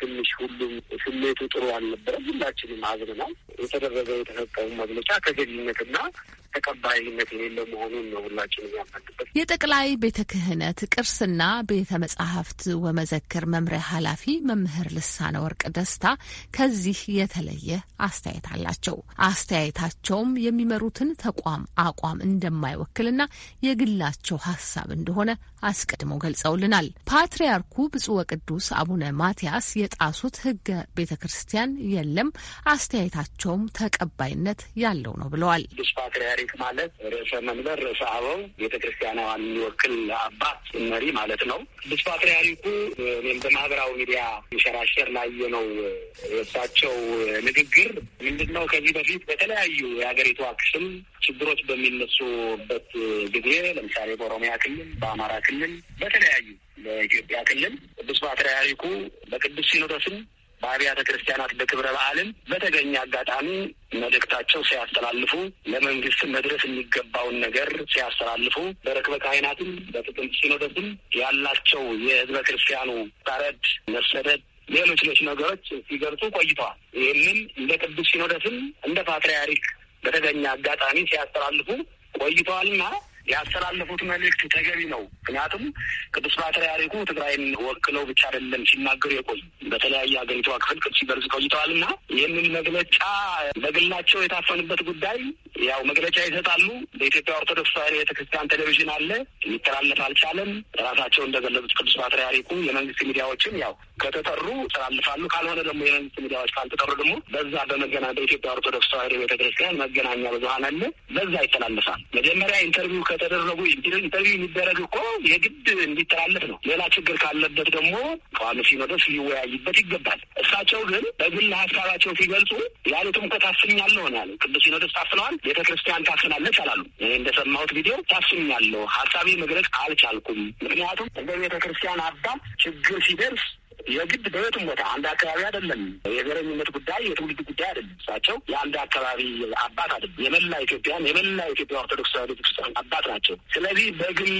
ትንሽ ሁሉም ስሜቱ ጥሩ አልነበረም። ሁላችንም አዝነናል። የተደረገው የተሰጠውን መግለጫ ተገቢነትና ተቀባይነት የሌለው መሆኑን ነው ሁላችን የሚያመንበት። የጠቅላይ ቤተ ክህነት ቅርስና ቤተ መጻሕፍት ወመዘክር መምሪያ ኃላፊ መምህር ልሳነ ወርቅ ደስታ ከዚህ የተለየ አስተያየት አላቸው። አስተያየታቸውም የሚመሩትን ተቋም አቋም እንደማይወክልና የግላቸው ሀሳብ እንደሆነ አስቀድመው ገልጸውልናል። ፓትርያርኩ ብፁዕ ወቅዱስ አቡነ ማትያስ የጣሱት ሕገ ቤተ ክርስቲያን የለም፣ አስተያየታቸውም ተቀባይነት ያለው ነው ብለዋል። ቅዱስ ፓትርያርክ ታሪክ ማለት ርዕሰ መንበር ርዕሰ አበው ቤተ ክርስቲያናዋን የሚወክል አባት መሪ ማለት ነው። ቅዱስ ፓትርያርኩ እኔም በማህበራዊ ሚዲያ ሸራሸር ላይ የነው የእሳቸው ንግግር ምንድን ነው? ከዚህ በፊት በተለያዩ የሀገሪቷ ክፍል ችግሮች በሚነሱበት ጊዜ ለምሳሌ በኦሮሚያ ክልል፣ በአማራ ክልል፣ በተለያዩ በኢትዮጵያ ክልል ቅዱስ ፓትርያርኩ በቅዱስ ሲኖዶስም በአብያተ ክርስቲያናት በክብረ በዓልም በተገኘ አጋጣሚ መልእክታቸው ሲያስተላልፉ ለመንግስት መድረስ የሚገባውን ነገር ሲያስተላልፉ በርክበ ካህናትም በጥቅምት ሲኖዶስም ያላቸው የህዝበ ክርስቲያኑ ታረድ መሰደድ ሌሎች ሌሎች ነገሮች ሲገልጹ ቆይተዋል። ይህንን እንደ ቅዱስ ሲኖዶስም እንደ ፓትርያርክ በተገኘ አጋጣሚ ሲያስተላልፉ ቆይተዋልና ያስተላለፉት መልእክት ተገቢ ነው። ምክንያቱም ቅዱስ ፓትርያርኩ ትግራይን ወክለው ብቻ አይደለም ሲናገሩ የቆዩ በተለያየ ሀገሪቷ ክፍል ቅዱስ ሲበርዝ ቆይተዋል እና ይህንን መግለጫ በግላቸው የታፈኑበት ጉዳይ ያው መግለጫ ይሰጣሉ። በኢትዮጵያ ኦርቶዶክስ ተዋሕዶ ቤተክርስቲያን ቴሌቪዥን አለ፣ ሊተላለፍ አልቻለም። ራሳቸው እንደገለጹት ቅዱስ ፓትርያርኩ የመንግስት ሚዲያዎችን ያው ከተጠሩ ይተላልፋሉ፣ ካልሆነ ደግሞ የመንግስት ሚዲያዎች ካልተጠሩ ደግሞ በዛ በመገና በኢትዮጵያ ኦርቶዶክስ ተዋሕዶ ቤተክርስቲያን መገናኛ ብዙሀን አለ፣ በዛ ይተላልፋል። መጀመሪያ ኢንተርቪው ከተደረጉ ኢንተርቪው የሚደረግ እኮ የግድ እንዲተላለፍ ነው። ሌላ ችግር ካለበት ደግሞ ቋሚ ሲኖዶስ ሊወያይበት ይገባል። እሳቸው ግን በግል ሀሳባቸው ሲገልጹ ያሉትም እኮ ታፍኛለሁ ነው ያሉ። ቅዱስ ሲኖዶስ ታፍነዋል፣ ቤተ ክርስቲያን ታፍናለች አላሉ። ይህ እንደሰማሁት ቪዲዮ ታፍኛለሁ፣ ሀሳቤ መግለጽ አልቻልኩም። ምክንያቱም እንደ ቤተ ክርስቲያን አባ ችግር ሲደርስ የግድ በየትም ቦታ አንድ አካባቢ አይደለም። የዘረኝነት ጉዳይ የትውልድ ጉዳይ አይደለም። እሳቸው የአንድ አካባቢ አባት አይደለም። የመላ ኢትዮጵያን የመላ ኢትዮጵያ ኦርቶዶክስ ቤተክርስቲያን አባት ናቸው። ስለዚህ በግሌ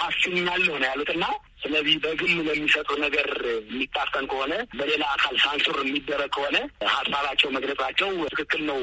ታፍኛለሁ ነው ያሉትና ስለዚህ በግል ለሚሰጡ ነገር የሚታፈን ከሆነ በሌላ አካል ሳንሱር የሚደረግ ከሆነ ሀሳባቸው መግለጻቸው ትክክል ነው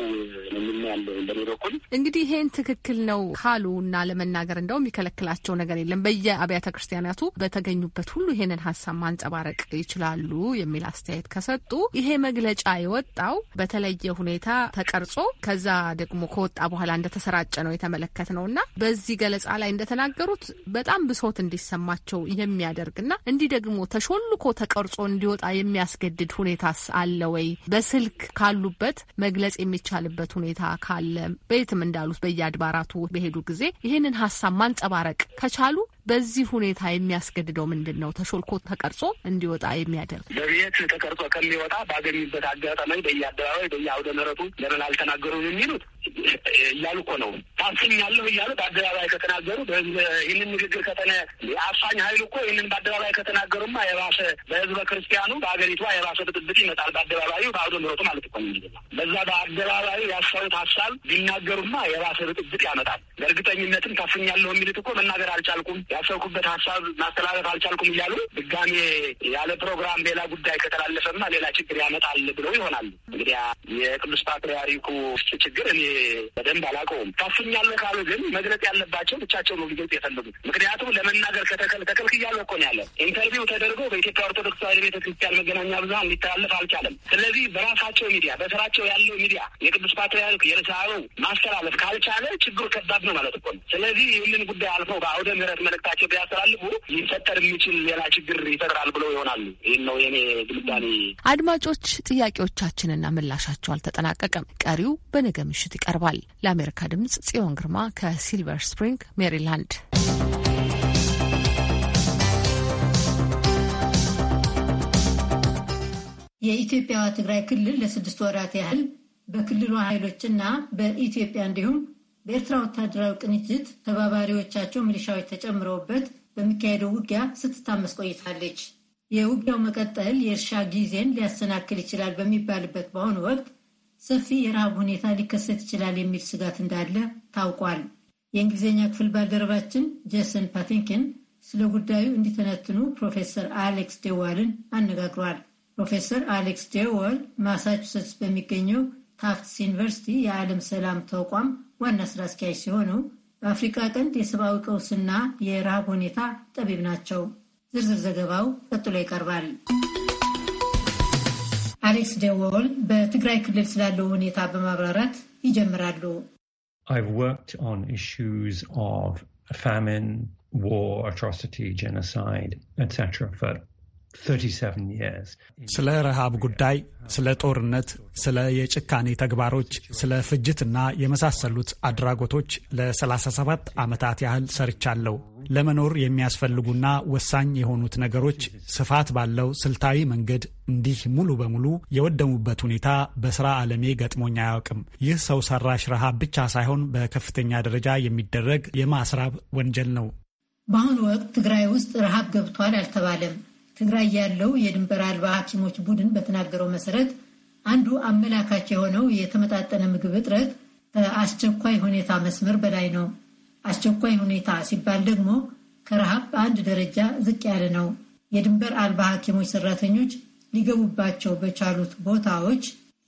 ያለው። በኔ በኩል እንግዲህ ይሄን ትክክል ነው ካሉ እና ለመናገር እንደውም የሚከለክላቸው ነገር የለም። በየአብያተ ክርስቲያናቱ በተገኙበት ሁሉ ይሄንን ሀሳብ ማንጸባረቅ ይችላሉ የሚል አስተያየት ከሰጡ ይሄ መግለጫ የወጣው በተለየ ሁኔታ ተቀርጾ ከዛ ደግሞ ከወጣ በኋላ እንደተሰራጨ ነው የተመለከት ነው እና በዚህ ገለጻ ላይ እንደተናገሩት በጣም ብሶት እንዲሰማቸው የሚያ የሚያደርግና እንዲህ ደግሞ ተሾልኮ ተቀርጾ እንዲወጣ የሚያስገድድ ሁኔታስ አለ ወይ? በስልክ ካሉበት መግለጽ የሚቻልበት ሁኔታ ካለ በየትም እንዳሉት በየአድባራቱ በሄዱ ጊዜ ይህንን ሀሳብ ማንጸባረቅ ከቻሉ በዚህ ሁኔታ የሚያስገድደው ምንድን ነው? ተሾልኮ ተቀርጾ እንዲወጣ የሚያደርግ በቤት ተቀርጾ ከሚወጣ ባገኙበት አጋጣሚ በየአደባባይ በየአውደ ምረቱ ለምን አልተናገሩም የሚሉት እያሉ እኮ ነው ታፍኛለሁ እያሉ በአደባባይ ከተናገሩ ይህንን ንግግር ከተነ አፋኝ ሀይል እኮ ይህንን በአደባባይ ከተናገሩማ የባሰ በህዝበ ክርስቲያኑ በሀገሪቷ የባሰ ብጥብጥ ይመጣል። በአደባባዩ በአውደ ምሕረቱ ማለት እኮ በዛ በአደባባዩ ያሰሩት ሀሳብ ቢናገሩማ የባሰ ብጥብጥ ያመጣል። በእርግጠኝነትም ታፍኛለሁ የሚሉት እኮ መናገር አልቻልኩም፣ ያሰብኩበት ሀሳብ ማስተላለፍ አልቻልኩም እያሉ ድጋሜ ያለ ፕሮግራም ሌላ ጉዳይ ከተላለፈማ ሌላ ችግር ያመጣል ብለው ይሆናል። እንግዲህ የቅዱስ ፓትርያርኩ ችግር እኔ በደንብ አላውቀውም። ተከልክያለሁ ካሉ ግን መግለጽ ያለባቸው ብቻቸው ነው ሊገልጽ የፈለጉት። ምክንያቱም ለመናገር ከተከል ተከልክያለሁ እኮ ነው ያለ ኢንተርቪው ተደርጎ በኢትዮጵያ ኦርቶዶክስ ተዋሕዶ ቤተ ክርስቲያን መገናኛ ብዙኃን ሊተላለፍ አልቻለም። ስለዚህ በራሳቸው ሚዲያ በስራቸው ያለው ሚዲያ የቅዱስ ፓትርያርክ የርሳሩ ማስተላለፍ ካልቻለ ችግሩ ከባድ ነው ማለት እኮ ነው። ስለዚህ ይህንን ጉዳይ አልፈው በአውደ ምሕረት መልእክታቸው ቢያስተላልፉ ሊፈጠር የሚችል ሌላ ችግር ይፈጥራል ብለው ይሆናሉ። ይህን ነው የኔ ግልዳኔ። አድማጮች ጥያቄዎቻችንና ምላሻቸው አልተጠናቀቀም። ቀሪው በነገ ምሽት ይቀርባል። ለአሜሪካ ድምጽ ጽዮን ግርማ ከሲልቨር ስፕሪንግ ሜሪላንድ። የኢትዮጵያ ትግራይ ክልል ለስድስት ወራት ያህል በክልሉ ኃይሎችና በኢትዮጵያ እንዲሁም በኤርትራ ወታደራዊ ቅንጅት ተባባሪዎቻቸው ሚሊሻዎች ተጨምረውበት በሚካሄደው ውጊያ ስትታመስ ቆይታለች። የውጊያው መቀጠል የእርሻ ጊዜን ሊያሰናክል ይችላል በሚባልበት በአሁኑ ወቅት ሰፊ የረሃብ ሁኔታ ሊከሰት ይችላል የሚል ስጋት እንዳለ ታውቋል። የእንግሊዝኛ ክፍል ባልደረባችን ጄሰን ፓቲንኪን ስለ ጉዳዩ እንዲተነትኑ ፕሮፌሰር አሌክስ ዴዋልን አነጋግሯል። ፕሮፌሰር አሌክስ ዴዋል ማሳቹሴትስ በሚገኘው ታፍትስ ዩኒቨርሲቲ የዓለም ሰላም ተቋም ዋና ስራ አስኪያጅ ሲሆኑ በአፍሪካ ቀንድ የሰብአዊ ቀውስና የረሃብ ሁኔታ ጠቢብ ናቸው። ዝርዝር ዘገባው ቀጥሎ ይቀርባል። አሌክስ ደወል በትግራይ ክልል ስላለው ሁኔታ በማብራራት ይጀምራሉ። ስለ ረሃብ ጉዳይ፣ ስለ ጦርነት፣ ስለ የጭካኔ ተግባሮች፣ ስለ ፍጅትና የመሳሰሉት አድራጎቶች ለ37 ዓመታት ያህል ሰርቻለሁ። ለመኖር የሚያስፈልጉና ወሳኝ የሆኑት ነገሮች ስፋት ባለው ስልታዊ መንገድ እንዲህ ሙሉ በሙሉ የወደሙበት ሁኔታ በስራ ዓለሜ ገጥሞኝ አያውቅም። ይህ ሰው ሰራሽ ረሃብ ብቻ ሳይሆን በከፍተኛ ደረጃ የሚደረግ የማስራብ ወንጀል ነው። በአሁኑ ወቅት ትግራይ ውስጥ ረሃብ ገብቷል አልተባለም። ትግራይ ያለው የድንበር አልባ ሐኪሞች ቡድን በተናገረው መሰረት አንዱ አመላካች የሆነው የተመጣጠነ ምግብ እጥረት ከአስቸኳይ ሁኔታ መስመር በላይ ነው። አስቸኳይ ሁኔታ ሲባል ደግሞ ከረሃብ በአንድ ደረጃ ዝቅ ያለ ነው። የድንበር አልባ ሐኪሞች ሰራተኞች ሊገቡባቸው በቻሉት ቦታዎች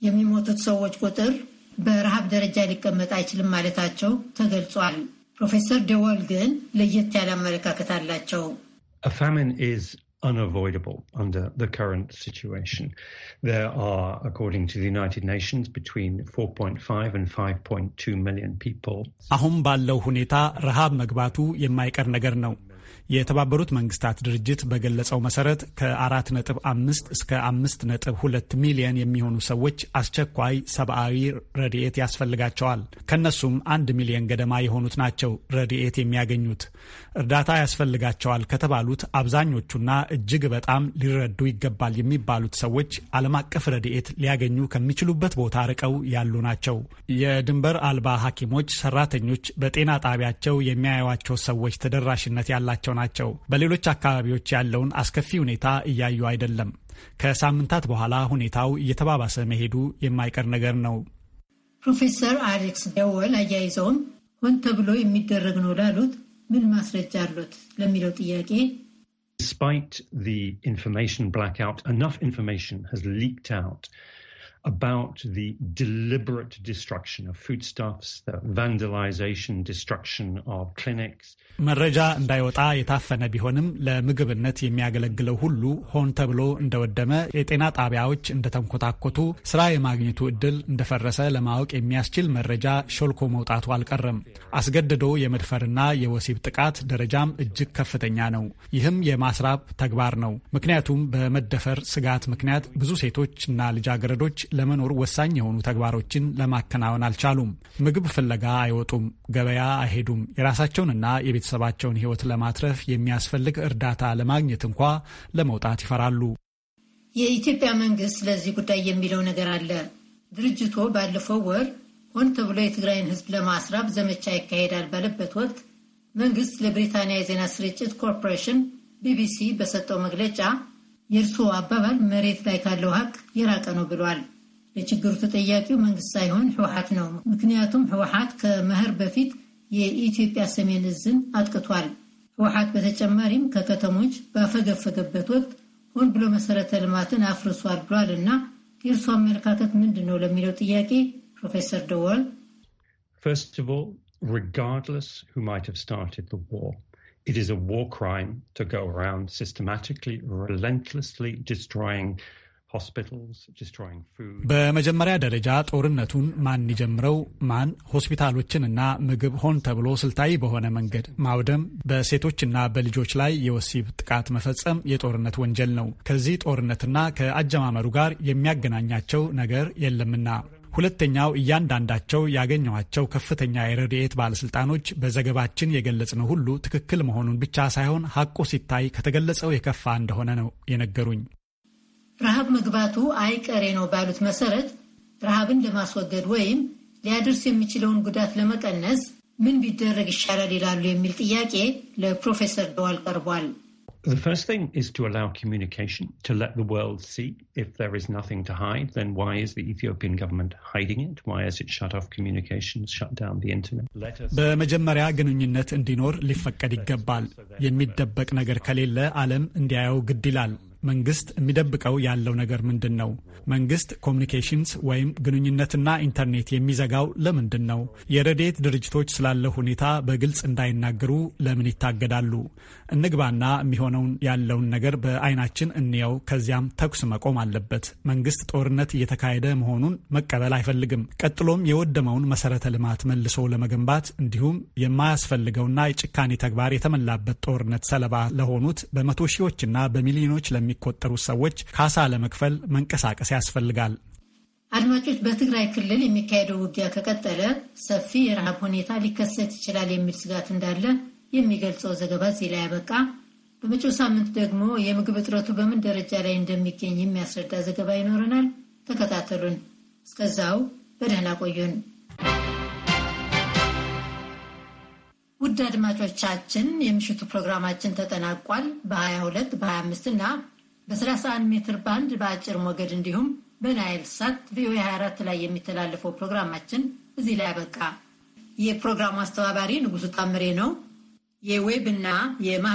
የሚሞቱት ሰዎች ቁጥር በረሃብ ደረጃ ሊቀመጥ አይችልም ማለታቸው ተገልጿል። ፕሮፌሰር ደዋል ግን ለየት ያለ አመለካከት አላቸው። unavoidable under the current situation. There are, according to the United Nations, between 4.5 and 5.2 million people. አሁን ባለው ሁኔታ ረሃብ መግባቱ የማይቀር ነገር ነው። የተባበሩት መንግስታት ድርጅት በገለጸው መሰረት ከ4.5 እስከ 5.2 ሚሊየን የሚሆኑ ሰዎች አስቸኳይ ሰብአዊ ረድኤት ያስፈልጋቸዋል። ከነሱም አንድ ሚሊየን ገደማ የሆኑት ናቸው ረድኤት የሚያገኙት። እርዳታ ያስፈልጋቸዋል ከተባሉት አብዛኞቹና እጅግ በጣም ሊረዱ ይገባል የሚባሉት ሰዎች ዓለም አቀፍ ረድኤት ሊያገኙ ከሚችሉበት ቦታ ርቀው ያሉ ናቸው። የድንበር አልባ ሐኪሞች ሰራተኞች በጤና ጣቢያቸው የሚያዩዋቸው ሰዎች ተደራሽነት ያላቸው ናቸው ናቸው። በሌሎች አካባቢዎች ያለውን አስከፊ ሁኔታ እያዩ አይደለም። ከሳምንታት በኋላ ሁኔታው እየተባባሰ መሄዱ የማይቀር ነገር ነው። ፕሮፌሰር አሌክስ ደወል አያይዘውም ሆን ተብሎ የሚደረግ ነው ላሉት ምን ማስረጃ አሉት ለሚለው ጥያቄ despite the information blackout enough information has leaked out about the deliberate destruction of foodstuffs, the vandalization, destruction of clinics. መረጃ እንዳይወጣ የታፈነ ቢሆንም ለምግብነት የሚያገለግለው ሁሉ ሆን ተብሎ እንደወደመ፣ የጤና ጣቢያዎች እንደተንኮታኮቱ፣ ስራ የማግኘቱ እድል እንደፈረሰ ለማወቅ የሚያስችል መረጃ ሾልኮ መውጣቱ አልቀረም። አስገድዶ የመድፈርና የወሲብ ጥቃት ደረጃም እጅግ ከፍተኛ ነው። ይህም የማስራብ ተግባር ነው። ምክንያቱም በመደፈር ስጋት ምክንያት ብዙ ሴቶች እና ልጃገረዶች ለመኖር ወሳኝ የሆኑ ተግባሮችን ለማከናወን አልቻሉም። ምግብ ፍለጋ አይወጡም፣ ገበያ አይሄዱም። የራሳቸውንና የቤተሰባቸውን ሕይወት ለማትረፍ የሚያስፈልግ እርዳታ ለማግኘት እንኳ ለመውጣት ይፈራሉ። የኢትዮጵያ መንግስት ለዚህ ጉዳይ የሚለው ነገር አለ። ድርጅቱ ባለፈው ወር ሆን ተብሎ የትግራይን ህዝብ ለማስራብ ዘመቻ ይካሄዳል ባለበት ወቅት መንግስት ለብሪታንያ የዜና ስርጭት ኮርፖሬሽን ቢቢሲ በሰጠው መግለጫ የእርስዎ አባባል መሬት ላይ ካለው ሀቅ የራቀ ነው ብሏል። የችግሩ ተጠያቂው መንግስት ሳይሆን ህወሓት ነው። ምክንያቱም ህወሓት ከመኸር በፊት የኢትዮጵያ ሰሜን እዝን አጥቅቷል። ህወሓት በተጨማሪም ከከተሞች ባፈገፈገበት ወቅት ሆን ብሎ መሰረተ ልማትን አፍርሷል ብሏል እና የእርሱ አመለካከት ምንድን ነው ለሚለው ጥያቄ ፕሮፌሰር ደወል First of ስ? regardless who might have started the war, it is a war crime to go around systematically, relentlessly destroying በመጀመሪያ ደረጃ ጦርነቱን ማን ይጀምረው፣ ማን ሆስፒታሎችንና ምግብ ሆን ተብሎ ስልታዊ በሆነ መንገድ ማውደም፣ በሴቶችና በልጆች ላይ የወሲብ ጥቃት መፈጸም የጦርነት ወንጀል ነው። ከዚህ ጦርነትና ከአጀማመሩ ጋር የሚያገናኛቸው ነገር የለምና። ሁለተኛው እያንዳንዳቸው ያገኘኋቸው ከፍተኛ የረድኤት ባለስልጣኖች በዘገባችን የገለጽነው ሁሉ ትክክል መሆኑን ብቻ ሳይሆን ሐቁ ሲታይ ከተገለጸው የከፋ እንደሆነ ነው የነገሩኝ። ረሃብ መግባቱ አይቀሬ ነው ባሉት መሰረት ረሃብን ለማስወገድ ወይም ሊያደርስ የሚችለውን ጉዳት ለመቀነስ ምን ቢደረግ ይሻላል ይላሉ የሚል ጥያቄ ለፕሮፌሰር ደዋል ቀርቧል። በመጀመሪያ ግንኙነት እንዲኖር ሊፈቀድ ይገባል። የሚደበቅ ነገር ከሌለ አለም እንዲያየው ግድ ይላል። መንግስት የሚደብቀው ያለው ነገር ምንድን ነው? መንግስት ኮሚኒኬሽንስ ወይም ግንኙነትና ኢንተርኔት የሚዘጋው ለምንድን ነው? የረዴት ድርጅቶች ስላለ ሁኔታ በግልጽ እንዳይናገሩ ለምን ይታገዳሉ? እንግባና የሚሆነውን ያለውን ነገር በአይናችን እንየው። ከዚያም ተኩስ መቆም አለበት። መንግስት ጦርነት እየተካሄደ መሆኑን መቀበል አይፈልግም። ቀጥሎም የወደመውን መሰረተ ልማት መልሶ ለመገንባት እንዲሁም የማያስፈልገውና የጭካኔ ተግባር የተመላበት ጦርነት ሰለባ ለሆኑት በመቶ ሺዎችና በሚሊዮኖች ለሚቆጠሩ ሰዎች ካሳ ለመክፈል መንቀሳቀስ ያስፈልጋል። አድማጮች፣ በትግራይ ክልል የሚካሄደው ውጊያ ከቀጠለ ሰፊ የረሃብ ሁኔታ ሊከሰት ይችላል የሚል ስጋት እንዳለ የሚገልጸው ዘገባ እዚህ ላይ ያበቃ። በመጪው ሳምንት ደግሞ የምግብ እጥረቱ በምን ደረጃ ላይ እንደሚገኝ የሚያስረዳ ዘገባ ይኖረናል። ተከታተሉን። እስከዛው በደህና ቆዩን። ውድ አድማጮቻችን የምሽቱ ፕሮግራማችን ተጠናቋል። በ22 በ25 እና በ31 ሜትር ባንድ በአጭር ሞገድ እንዲሁም በናይል ሳት ቪኦኤ 24 ላይ የሚተላለፈው ፕሮግራማችን እዚህ ላይ አበቃ። የፕሮግራሙ አስተባባሪ ንጉሱ ታምሬ ነው። የዌብ እና የማህበ